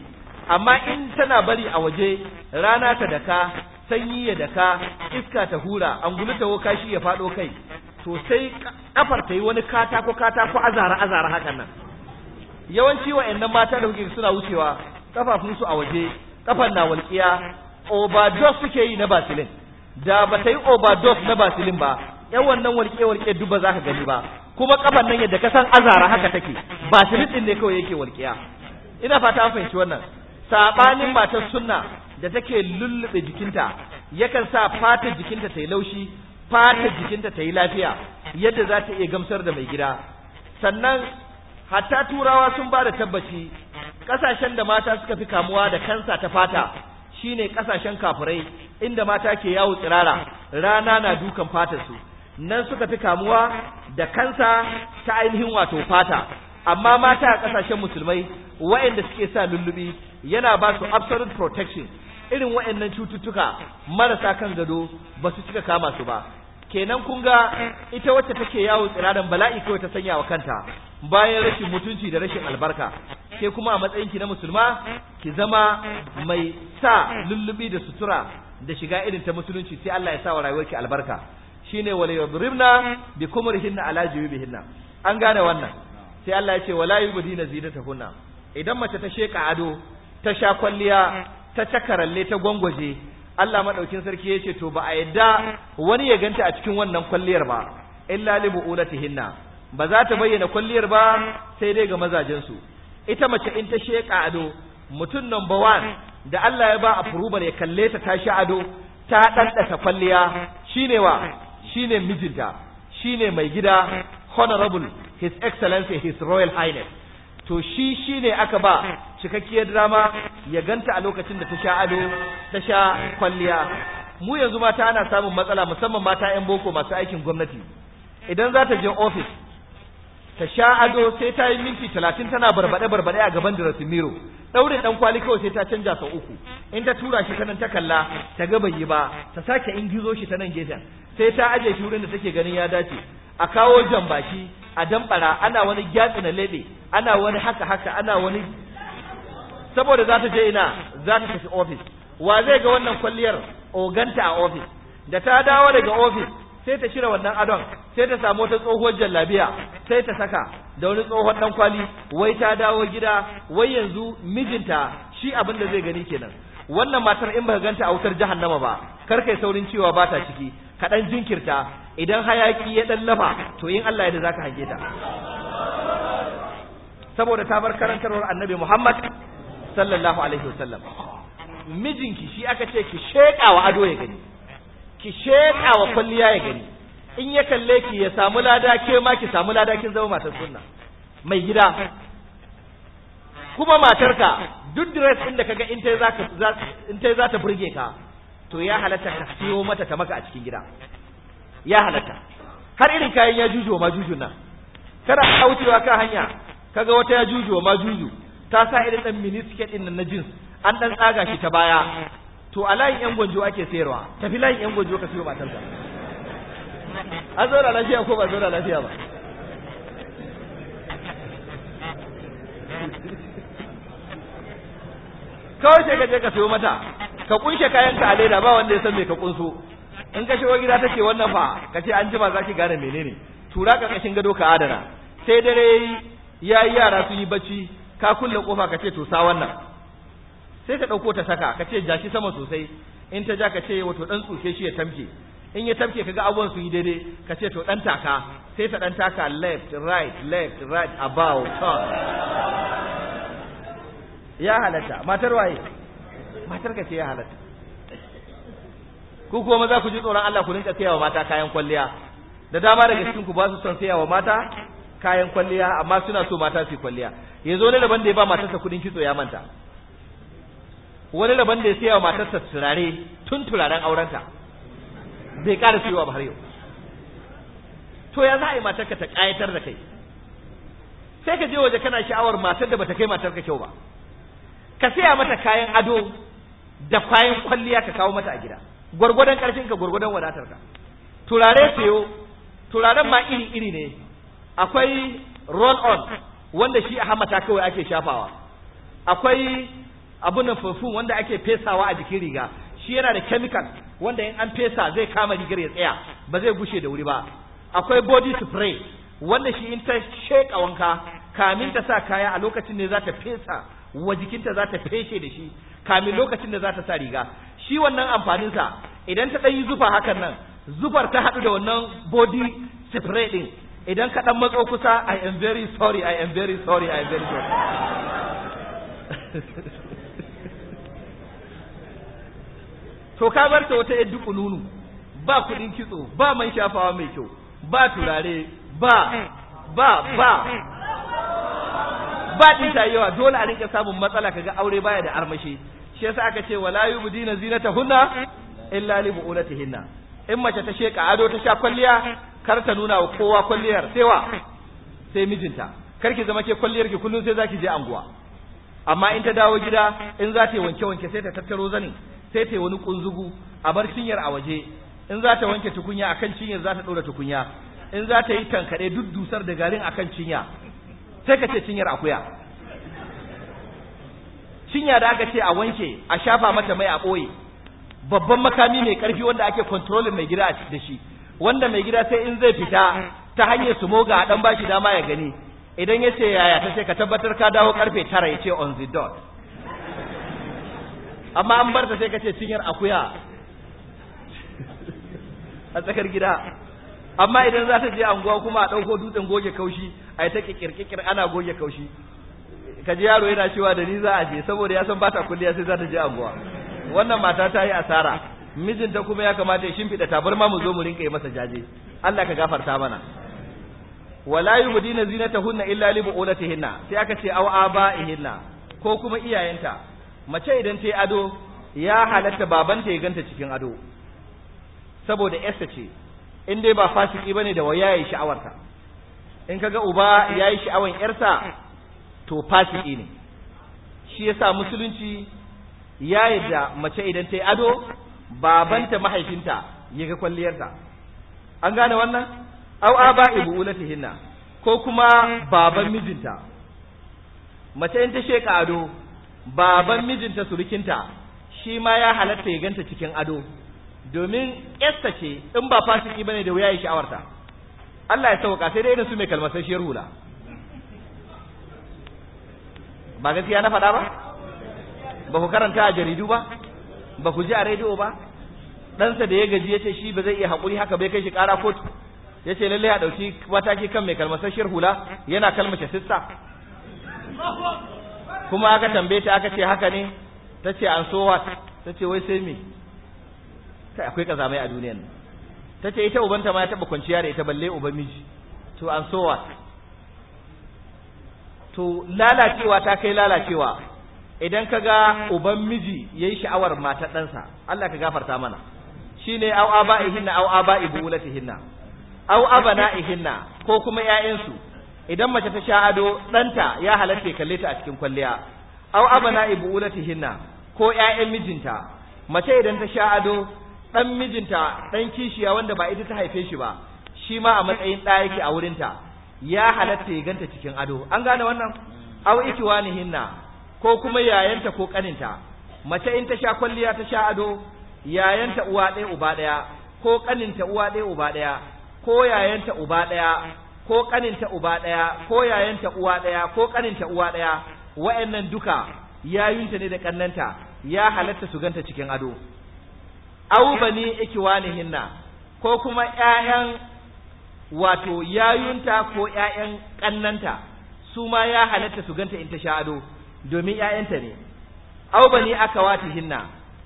amma in tana bari a waje rana ta daka sanyi ya daka iska ta hura angulu ta woka shi ya faɗo kai to sai kafar ta yi wani katako katako azara azara hakan nan yawanci wayannan mata da kuke suna wucewa su a waje kafan na walƙiya overdose suke yi na basilin da ba ta yi overdose na basilin ba yan wannan walƙe walƙe duk ba za ka gani ba kuma kafan nan yadda ka san azara haka take ba sirin ne kawai yake walƙiya ina fata an fahimci wannan sabanin matar sunna da take lullube jikinta yakan sa fata jikinta ta yi laushi fata jikinta ta yi lafiya yadda za ta iya gamsar da mai gida sannan hatta turawa sun ba da tabbaci ƙasashen da mata suka fi kamuwa da kansa ta fata shine ƙasashen kafurai inda mata ke yawo tsirara rana na dukan fatar su nan suka fi kamuwa da kansa ta ainihin wato fata amma mata a kasashen musulmai waɗanda suke sa lullubi yana ba su absolute protection irin waɗannan cututtuka marasa kan gado ba su cika kama su ba kenan kun ga ita wacce take yawo tsiraran bala'i kawai ta sanya wa kanta bayan rashin mutunci da rashin albarka ke kuma a matsayin ki na musulma ki zama mai sa lullubi da sutura da shiga irin ta musulunci sai Allah ya sa wa rayuwarki albarka shine wala yadribna bi kumrihinna ala jubihinna an gane wannan sai Allah ya ce wala yubdina zinatahunna idan mace ta sheka ado ta sha kwalliya ta cakaralle ta gwangwaje Allah madaukin sarki ya ce to ba a yadda wani ya ganta a cikin wannan kwalliyar ba illa li bu'ulatihinna ba za ta bayyana kwalliyar ba sai dai ga mazajen su ita mace in ta sheka ado mutum number 1 da Allah ya ba a furubar ya kalle ta ta sha ado ta ɗanɗata kwalliya shine wa shine mijinta shine mai gida honorable his excellency his royal highness to shi shine aka ba cikakkiyar drama ya ganta a lokacin da ta sha ado ta sha kwalliya mu yanzu mata ana samun matsala musamman mata yan boko masu aikin gwamnati idan za ta je office ta sha ado sai ta yi minti talatin tana barbade barbade a gaban da miro ɗaurin ɗan kwali kawai sai ta canja sau uku in ta tura shi ta nan ta kalla ta ga bai yi ba ta sake in gizo shi ta nan gefen sai ta aje shi wurin da take ganin ya dace a kawo jambaki a dambara ana wani gyatsi na lebe ana wani haka haka ana wani saboda za ta je ina za ta tafi ofis wa zai ga wannan kwalliyar oganta a ofis da ta dawo daga ofis sai ta shirya wannan adon sai ta samu wata tsohuwar jallabiya sai ta saka da wani tsohon dan kwali wai ta dawo gida wai yanzu mijinta shi abin da zai gani kenan wannan matar in ba ganta a wutar jahannama ba kar kai saurin cewa ba ta ciki ka ɗan jinkirta idan hayaki ya dan to in Allah ya da zaka hange ta saboda ta bar karantarwar annabi Muhammad sallallahu alaihi wasallam mijinki shi aka ce ki sheka wa ado ya gani ki sheka wa kulliya ya gani in ya kalle ki ya samu lada ke ma ki samu lada kin zama matar sunna mai gida kuma matarka duk dress din da kaga in in tai za burge ka to ya halatta ka siyo mata ta maka a cikin gida ya halatta har irin kayan ya jujo ma jujun nan kana kaucewa kan hanya kaga wata ya jujo ma juju ta sa irin dan minisket din nan na jeans an dan tsaga shi ta baya to a layin yan gwanjo ake sayarwa tafi layin yan gwanjo ka siyo matarsa an zauna lafiya ko ba zauna lafiya ba kawai sai ka je ka siyo mata ka kunshe kayanka a leda ba wanda ya san me ka kunso in ka shigo gida take wannan fa ka ce an jima zaki gane menene tura kashin gado ka adana sai dare yayi yi yara sun yi bacci ka kulle kofa ka ce to sa wannan sai ka dauko ta saka ka ce shi sama sosai in ta ja ka ce wato dan tsuke shi ya tamke in ya tamke kaga ga su yi daidai ka ce to dan taka sai ta dan taka left right left right about ya halatta matar waye matar ka ce ya halatta ku kuma maza ku ji tsoron Allah ku rinka sayawa mata kayan kwalliya da dama daga cikin ku ba su son sayawa mata kayan kwalliya amma suna so mata su kwalliya yanzu wani rabon da ya ba matarsa kudin kitso ya manta wani rabon da ya sayawa matarsa turare tun turaren aurenta bai ƙara sayowa ba har yau to ya za a yi matarka ta kayatar da kai sai ka je waje kana sha'awar matar da bata kai matarka kyau ba ka saya mata kayan ado da kwayan kwalliya ka kawo mata a gida gwargwadon karfin ka gwargwadon wadatar ka turare sayo turaren ma iri iri ne akwai roll on wanda shi a hamata kawai ake shafawa akwai abun nan fufu wanda ake fesawa a jikin riga shi yana da chemical wanda in an fesa zai kama rigar ya tsaya ba zai gushe da wuri ba akwai body spray wanda shi in ta sheka wanka kamin ta sa kaya a lokacin ne za ta fesa wa jikinta za ta feshe da shi kamin lokacin da za ta sa riga shi wannan amfanin sa idan ta ɗan yi zufa hakan nan zufar ta haɗu da wannan body spray ɗin idan ka ɗan matso kusa I am very sorry I am very sorry I am very sorry to ka bar ta wata yadda kununu ba kuɗin kitso ba man shafawa mai kyau ba turare ba ba ba ba din ta yawa dole a rinka samun matsala kaga aure baya da armashi shi yasa aka ce wala yubdina zinatahunna illa li bu'ulatihinna in mace ta sheka ado ta sha kwalliya kar ta nuna wa kowa kwalliyar sai wa sai mijinta kar ki zama ke kwalliyar ki kullun sai zaki je anguwa amma in ta dawo gida in za ta yi wanke wanke sai ta tattaro zani sai ta yi wani kunzugu a bar cinyar a waje in za ta wanke tukunya akan cinyar za ta dora tukunya in za ta yi tankade duk dusar da garin akan cinya sai ka ce cinyar akuya cinya da aka ce a wanke a shafa mata mai a ɓoye babban makami mai ƙarfi wanda ake kontrolin mai gida da shi wanda mai gida sai in zai fita ta hanyar su moga a ɗan bashi dama ya gani idan ya ce yaya ta ce ka tabbatar ka dawo karfe tara ya ce on the dot amma an bar ta sai ka ce cinyar akuya a tsakar gida amma idan za ta je anguwa kuma a ɗauko dutsen goge kaushi a yi ta kirkirkir ana goge kaushi ka ji yaro yana cewa da ni za a je saboda ya san ba ta kulliya sai za ta je anguwa wannan mata ta yi asara mijinta kuma ya kamata ya shimfiɗa tabarma mu zo mu rinka yi masa jaje Allah ka gafarta mana wala yubdina zinatahunna illa li bu'ulatihinna sai aka ce aw aba'ihinna ko kuma iyayenta mace idan ta yi ado ya halatta babanta ya ganta cikin ado saboda yasta ce in dai ba fasiki bane da waya yayi sha'awarta in kaga uba yayi sha'awan yarsa to fasiki ne shi yasa musulunci ya yarda mace idan ta yi ado babanta mahaifinta ya ga kwalliyarta an gane wannan aw aba ibulatihinna ko kuma baban mijinta mace in ta sheka ado baban mijinta surukinta shi ma ya halatta ya ganta cikin ado domin yasta ce in ba fasiki bane da wuya ya sha'awarta Allah ya sauka sai dai irin su mai kalmasasshiyar hula ba gaskiya na faɗa ba ba ku karanta a jaridu ba ba ku ji a rediyo ba ɗansa da ya gaji ya ce shi ba zai iya haƙuri haka bai kai shi ƙara kotu ya ce lallai a ɗauki mataki kan mai kalmasasshiyar hula yana kalmace sissa. kuma aka tambaye ta aka ce haka ne ta ce an so ta ce wai sai me kai akwai kazamai a duniyar nan tace ita ubanta ma ya taba kwanciya da ita balle uban miji to an so wa to lalacewa ta kai lalacewa idan ga uban miji yayi sha'awar matar ɗansa Allah ka gafarta mana shine au aba'ihinna au aba'i bulatihinna au abana'ihinna ko kuma ƴaƴansu idan mace ta sha ado ɗanta ya halatta kalle ta a cikin kwalliya au abana'i hinna ko ƴaƴan mijinta mace idan ta sha ado dan mijinta dan kishiya wanda ba ita ta haife shi ba shi ma a matsayin ɗa yake a wurinta ya halatta ya ganta cikin ado an gane wannan aw hinna ko kuma yayanta ko kaninta mace in ta sha kwalliya ta sha ado yayanta uwa ɗaya uba ɗaya ko kaninta uwa ɗaya uba ɗaya ko yayanta uba ɗaya ko kaninta uba ɗaya ko yayanta uwa ɗaya ko kaninta uwa ɗaya wa'annan duka yayinta ne da kannanta ya halatta su ganta cikin ado aubani bani hinna ko kuma ƴaƴan wato yayunta ko ƴaƴan kannanta su ma ya halatta su ganta in ta sha ado domin ƴaƴanta ne aw bani akawatihinna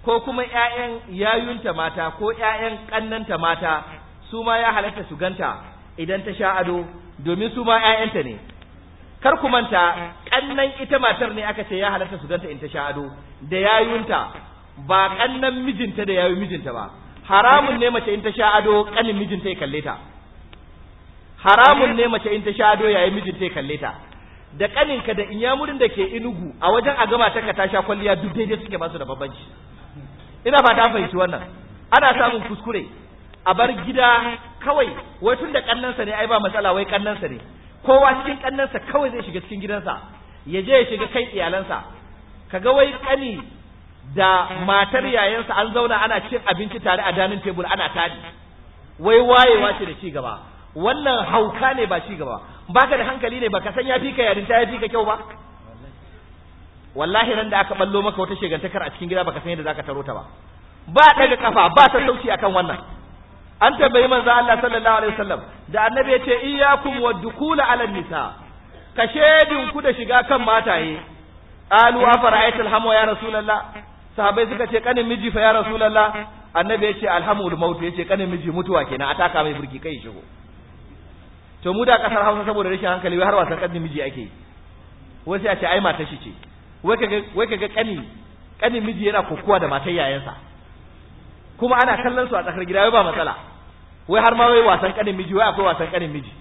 ko kuma ƴaƴan yayunta mata ko ƴaƴan kannanta mata su ma ya halatta su ganta idan ta sha ado domin su ma ƴaƴanta ne kar ku manta kannan ita matar ne aka ce ya halatta su ganta in ta sha ado da yayunta ba kannan mijinta da yayi mijinta ba haramun ne mace in ta sha ado kanin mijinta ya kalle ta haramun ne mace in ta sha ado yayi mijinta ya kalle ta da kaninka da inyamurin da ke inugu a wajen a ta ta ta sha kwalliya duk daidai suke ba su da babanci ina ba ta fahimci wannan ana samun kuskure a bar gida kawai wai tun da kannansa ne ai ba matsala wai kannansa ne kowa cikin kannansa kawai zai shiga cikin gidansa ya je ya shiga kai iyalansa kaga wai kani da matar yayansa an zauna ana cin abinci tare a danin tebur ana tadi wai wayewa ce da ci gaba wannan hauka ne ba ci gaba ka da hankali ne baka san ya fi ka yarinta ya fi ka kyau ba wallahi ran da aka ballo maka wata shegantakar a cikin gida baka san yadda zaka taro ta ba ba daga kafa ba ta sauki akan wannan an tambayi manzo Allah sallallahu alaihi wasallam da annabi ya ce iyyakum dukula ala nisa Kashe shedin ku da shiga kan mataye qalu afara'aytal hamu ya rasulullah Sahabai suka ce kanin miji fa ya rasulullah annabi ya yace alhamul maut ce kanin miji mutuwa kenan ataka mai burki kai shigo to mu da kasar Hausa saboda rashin hankali wai har wasan kanin miji ake wai sai a ce ai mata shi ce wai kaga wai kaga kanin kanin miji yana kokuwa da matar yayansa kuma ana kallon su a tsakar gida wai ba matsala wai har ma wai wasan kanin miji wai akwai wasan kanin miji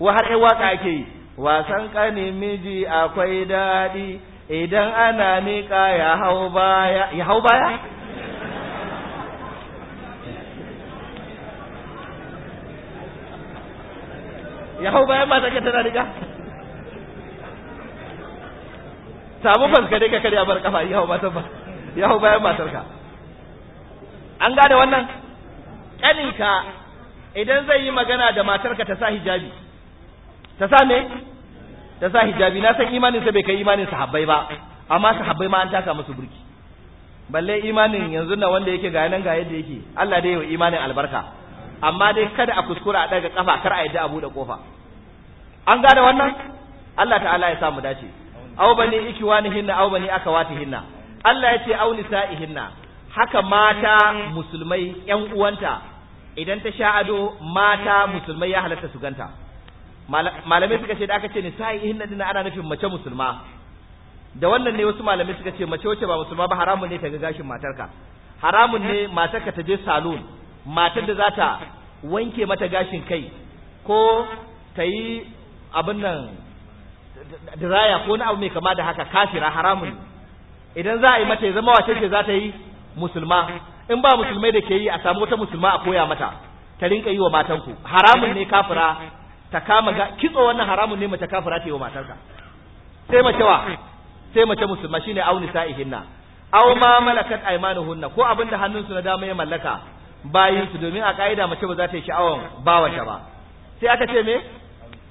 wai har ai waka ake yi wasan kanin miji akwai daɗi idan ana miƙa ya hau baya ya hau baya ya hau baya mata ke tana riga samu faskare ka karya bar kafa ya hau matar ba ya hau baya matar ka an gane wannan Kaninka idan zai yi magana da matarka ta sa hijabi ta sa me ta sa hijabi na san imanin sa bai kai imanin sahabbai ba amma sahabbai ma an taka musu burki balle imanin yanzu na wanda yake ga nan ga yadda yake Allah dai ya imanin albarka amma dai kada a kuskura a daga kafa kar a yadda a da kofa an gane wannan Allah ta'ala ya sa mu dace aw bani ikwanihinna aw bani hinna Allah ya ce aw hinna haka mata musulmai yan uwanta idan ta sha ado mata musulmai ya halatta su ganta malamai suka ce da aka ce nisa'i hinna dinnan ana nufin mace musulma da wannan ne wasu malamai suka ce mace wacce ba musulma ba haramun ne ta ga gashin matarka haramun ne matarka ta je salon matar da za ta wanke mata gashin kai ko ta yi abin nan diraya ko na abu mai kama da haka kafira haramun idan za a yi mata ya zama wace ce za ta yi musulma in ba musulmai da ke yi a samu wata musulma a koya mata ta rinka yi wa matanku haramun ne kafira ta kama ga kitso wannan haramun ne mace kafira ta yi wa matarsa sai mace wa sai mace musulma shine auni sa'ihinna aw ma malakat aymanuhunna ko abinda hannunsu na dama ya mallaka bayin su domin a kaida mace ba za ta yi sha'awan ta ba sai aka ce me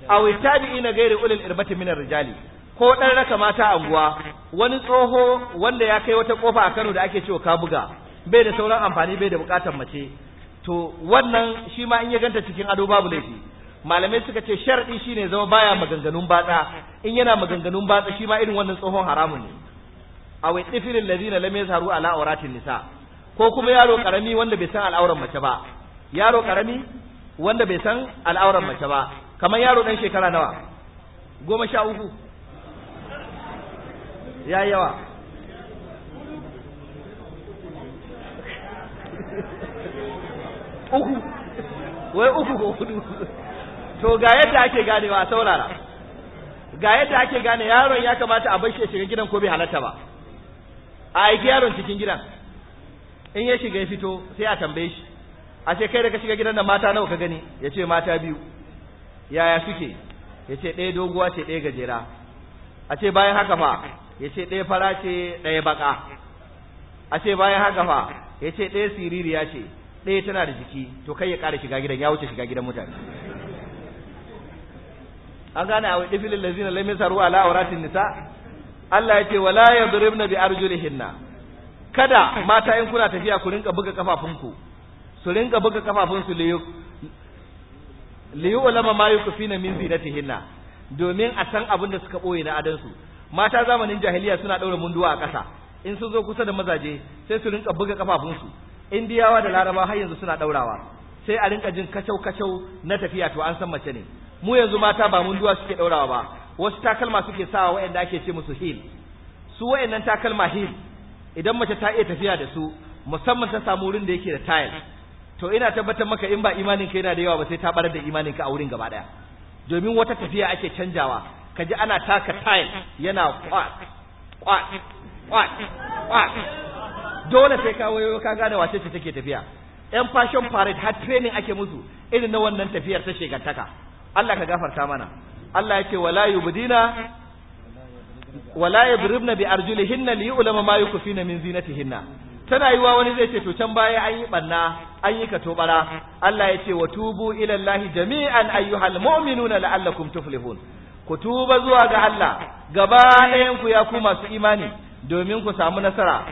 aw tabi'ina ghairi ulil irbati min rijali ko dan raka mata anguwa wani tsoho wanda ya kai wata kofa a Kano da ake cewa ka buga bai da sauran amfani bai da bukatar mace to wannan shi ma in ya ganta cikin ado babu laifi malamai suka ce sharadi shine zama baya maganganun batsa in yana maganganun batsa shi ma irin wannan tsohon haramun ne A wai tifilin ladina lam yazharu ala auratin nisa ko kuma yaro karami wanda bai san al'auran mace ba yaro karami wanda bai san al'auran mace ba kamar yaro dan shekara nawa goma sha uku ya yawa uku wai uku ko hudu to ga yadda ake ganewa a saurara ga yadda ake gane yaron ya kamata a bar shi ya shiga gidan ko bai halatta ba a aiki yaron cikin gidan in ya shiga ya fito sai a tambaye shi a ce kai da ka shiga gidan da mata nawa ka gani ya ce mata biyu yaya suke ya ce ɗaya doguwa ce ɗaya gajera a ce bayan haka fa ya ce ɗaya fara ce ɗaya baka a ce bayan haka fa ya ce ɗaya siririya ce ɗaya tana da jiki to kai ya ƙara shiga gidan ya wuce shiga gidan mutane an gane a ifil allazina lam yasaru ala awratin nisa Allah ya ce wala yadribna bi arjulihinna kada mata in kuna tafiya ku rinka buga kafafunku su rinka buga kafafunsu liyu liyu ulama ma yukfina min zinatihinna domin a san abin da suka ɓoye na adansu mata zamanin jahiliya suna ɗaura munduwa a ƙasa in sun zo kusa da mazaje sai su rinka buga kafafunsu indiyawa da Larabawa har yanzu suna ɗaurawa sai a rinka jin kacau kacau na tafiya to an san mace ne mu yanzu mata ba mun duwa suke daurawa ba wasu takalma suke sawa waɗanda ake ce musu hil su waɗannan takalma hil idan mace ta iya tafiya da su musamman ta samu wurin da yake da tile to ina tabbatar maka in ba imanin ka yana da yawa ba sai ta barar da imanin ka a wurin gaba daya domin wata tafiya ake canjawa kaji ana taka tile yana kwat kwat kwat kwat dole sai ka wayo ka gane wace ce take tafiya yan fashion parade har training ake musu irin na wannan tafiyar ta shegantaka Allah ka gafarta mana Allah yake wala yubdina wala yabribna bi arjulihinna li ma yukfina min zinatihinna tana yiwa wani zai ce to can baya an yi banna an yi katobara Allah ya ce wa tubu ila Allah jami'an ayyuhal mu'minuna la'allakum tuflihun ku tuba zuwa ga Allah gaba ɗayan ku ya ku masu imani domin ku samu nasara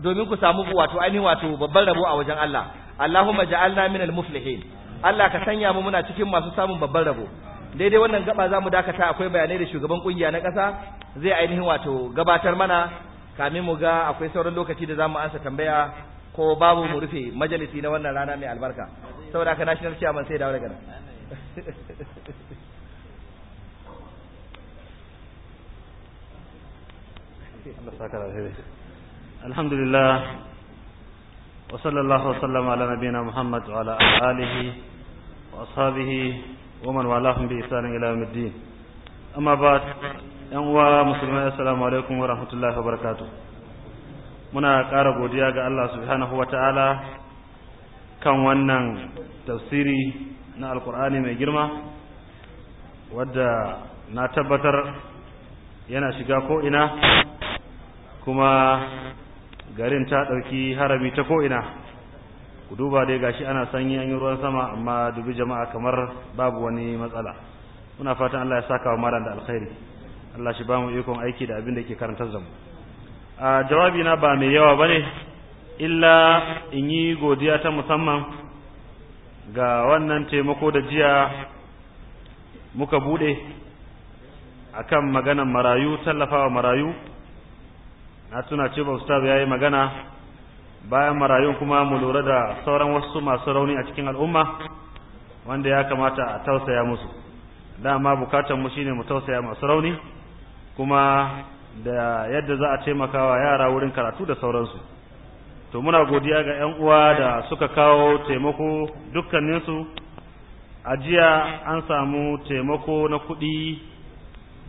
domin ku samu wato ainihin wato babban rabo a wajen Allah Allahumma ja'alna minal muflihin Allah ka sanya mu muna cikin masu samun babban rabo daidai wannan gaba za mu dakata akwai bayanai da shugaban kungiya na ƙasa zai ainihin wato gabatar mana kamin mu ga akwai sauran lokaci da za mu ansa tambaya ko babu mu rufe majalisi na wannan rana mai albarka saboda haka national chairman sai dawo daga nan alhamdulillah وصلى الله وسلم على نبينا محمد وعلى آله وأصحابه ومن والاهم بإحسان إلى يوم الدين أما بعد uwa musulmai assalamu alaikum wa rahmatullahi wa barakatu muna ƙara godiya ga Allah subhanahu wa ta'ala kan wannan tafsiri na alkur'ani mai girma wadda na tabbatar yana shiga ko'ina kuma garin ta ɗauki harami ta ko'ina ku duba dai gashi ana sanyi an yi ruwan sama amma dubi jama'a kamar babu wani matsala muna fatan Allah ya saka wa maran da alkhairi Allah shi ba mu ikon aiki da abin da ke karantar da mu a jawabi na ba mai yawa bane illa in yi godiya ta musamman ga wannan taimako da jiya muka bude akan maganan marayu tallafawa marayu na tuna ce ba ustaz yayi magana bayan marayun kuma mu lura da sauran wasu masu rauni a cikin al'umma wanda ya kamata a tausaya musu dama bukatar mu shine mu tausaya masu rauni kuma da yadda za a taimakawa yara wurin karatu da sauransu to muna godiya ga 'yan uwa da suka kawo taimako dukkaninsu a jiya an samu taimako na kuɗi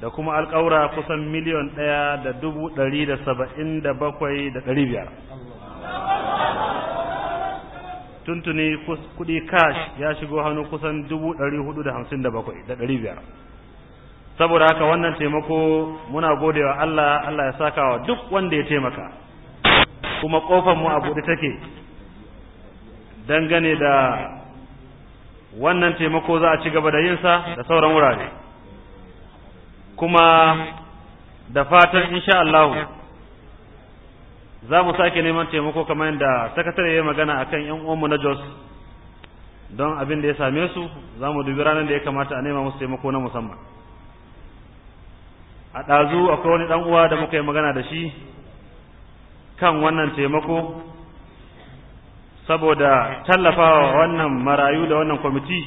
da kuma alƙawura kusan miliyon ɗaya da dubu ɗari da saba'in da bakwai da ɗari biyar tuntuni kuɗi cash ya shigo hannu kusan dubu ɗari hudu da hamsin da bakwai da ɗari biyar saboda haka wannan taimako muna gode wa Allah Allah ya saka wa duk wanda ya taimaka kuma ƙofanmu mu a buɗe take dangane da wannan taimako za a ci gaba da yinsa da sauran wurare kuma da fatan insha Allah za mu sake neman taimako kamar yadda sakatare ya magana akan yan uwanmu na Jos don abin da ya same su za mu dubi ranar da ya kamata a nema musu taimako na musamman a ɗazu akwai wani ɗan uwa da muka yi magana da shi kan wannan taimako saboda tallafawa wannan marayu da wannan kwamiti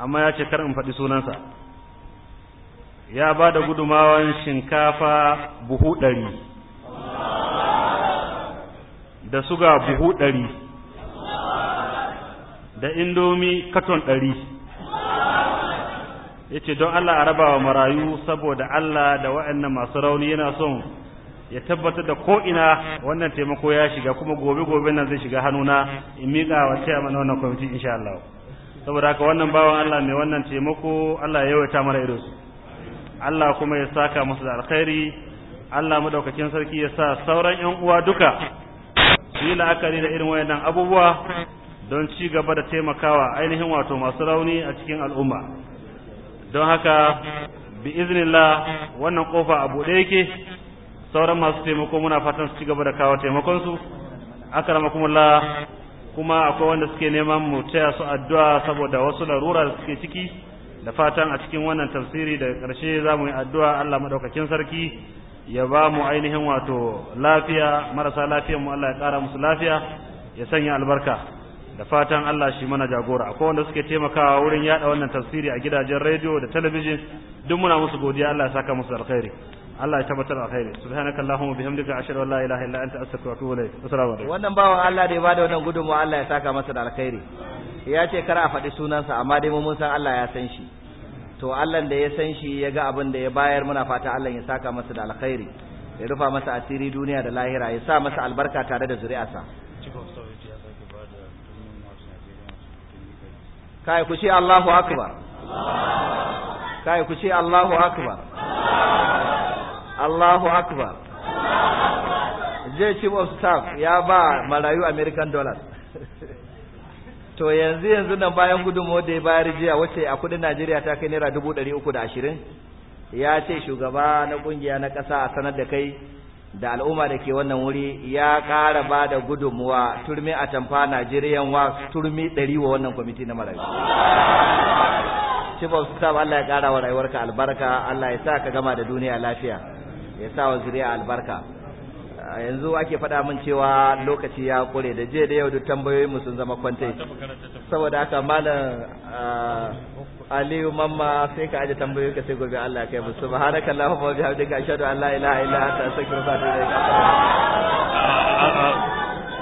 amma ya ce kar in faɗi sunansa ya ba da gudumawan shinkafa buhu ɗari da suga buhu ɗari da indomi katon ɗari ya ce don Allah a rabawa marayu saboda Allah da waɗannan masu rauni yana son ya tabbatar da ko'ina wannan taimako ya shiga kuma gobe-gobe nan zai shiga hannuna in miƙa wa ciyaman wannan kwamiti insha Allah saboda haka wannan bawan Allah mai wannan taimako Allah ya yawaita mara irinsu Allah kuma ya saka musu da alkhairi Allah madaukakin sarki ya sa sauran yan uwa duka su yi la'akari da irin wayannan abubuwa don ci gaba da taimakawa ainihin wato masu rauni a cikin al'umma don haka bi iznillah wannan kofa a buɗe yake sauran masu taimako muna fatan su ci gaba da kawo taimakonsu akramakumullah kuma akwai wanda suke neman mu taya su addu'a saboda wasu larura da suke ciki da fatan a cikin wannan tafsiri da ƙarshe za mu yi addu'a Allah maɗaukakin sarki ya ba mu ainihin wato lafiya marasa lafiyan mu Allah ya ƙara musu lafiya ya sanya albarka da fatan Allah shi mana jagora ko wanda suke taimakawa wurin yaɗa wannan tafsiri a gidajen rediyo da talabijin duk muna musu godiya Allah ya saka musu alkhairi Allah ya tabbatar a khairi subhanaka allahumma bihamdika ashhadu an la ilaha illa anta astaghfiruka wa atubu ilayk assalamu alaikum wannan bawan Allah da ya bada wannan gudunmawa Allah ya saka masa da alkhairi ya ce kar a faɗi sunansa amma dai mun san Allah ya san shi to Allah da ya san shi ya ga abin da ya bayar muna fata Allah ya saka masa da alkhairi ya rufa masa asiri duniya da lahira ya sa masa albarka tare da zuri'arsa kai ku ce Allahu akbar kai ku ce Allahu akbar Allahu akbar je chief of staff ya ba marayu American dollars to yanzu yanzu nan bayan gudunmu da ya bayar jiya wace a kudin Najeriya ta kai naira dubu ɗari uku da ashirin ya ce shugaba na ƙungiya na ƙasa a sanar da kai da al'umma da ke wannan wuri ya ƙara ba da gudunmuwa turmi a tamfa Najeriyan wa turmi ɗari wa wannan kwamiti na marayu. Chief su Staff Allah ya ƙara wa rayuwarka albarka, Allah ya sa ka gama da duniya lafiya, ya sa wa zuriya albarka. Yanzu ake faɗa min cewa lokaci ya ƙure da je da yau duk tambayoyinmu sun zama kwantai. saboda haka malam ah, Aliyu mamma sai ka aje tambayoyi ka sai gobe Allah ya kai mu subhanaka allahumma wa bihamdika ashhadu an Allah ilaha illa anta astaghfiruka wa atubu ilaik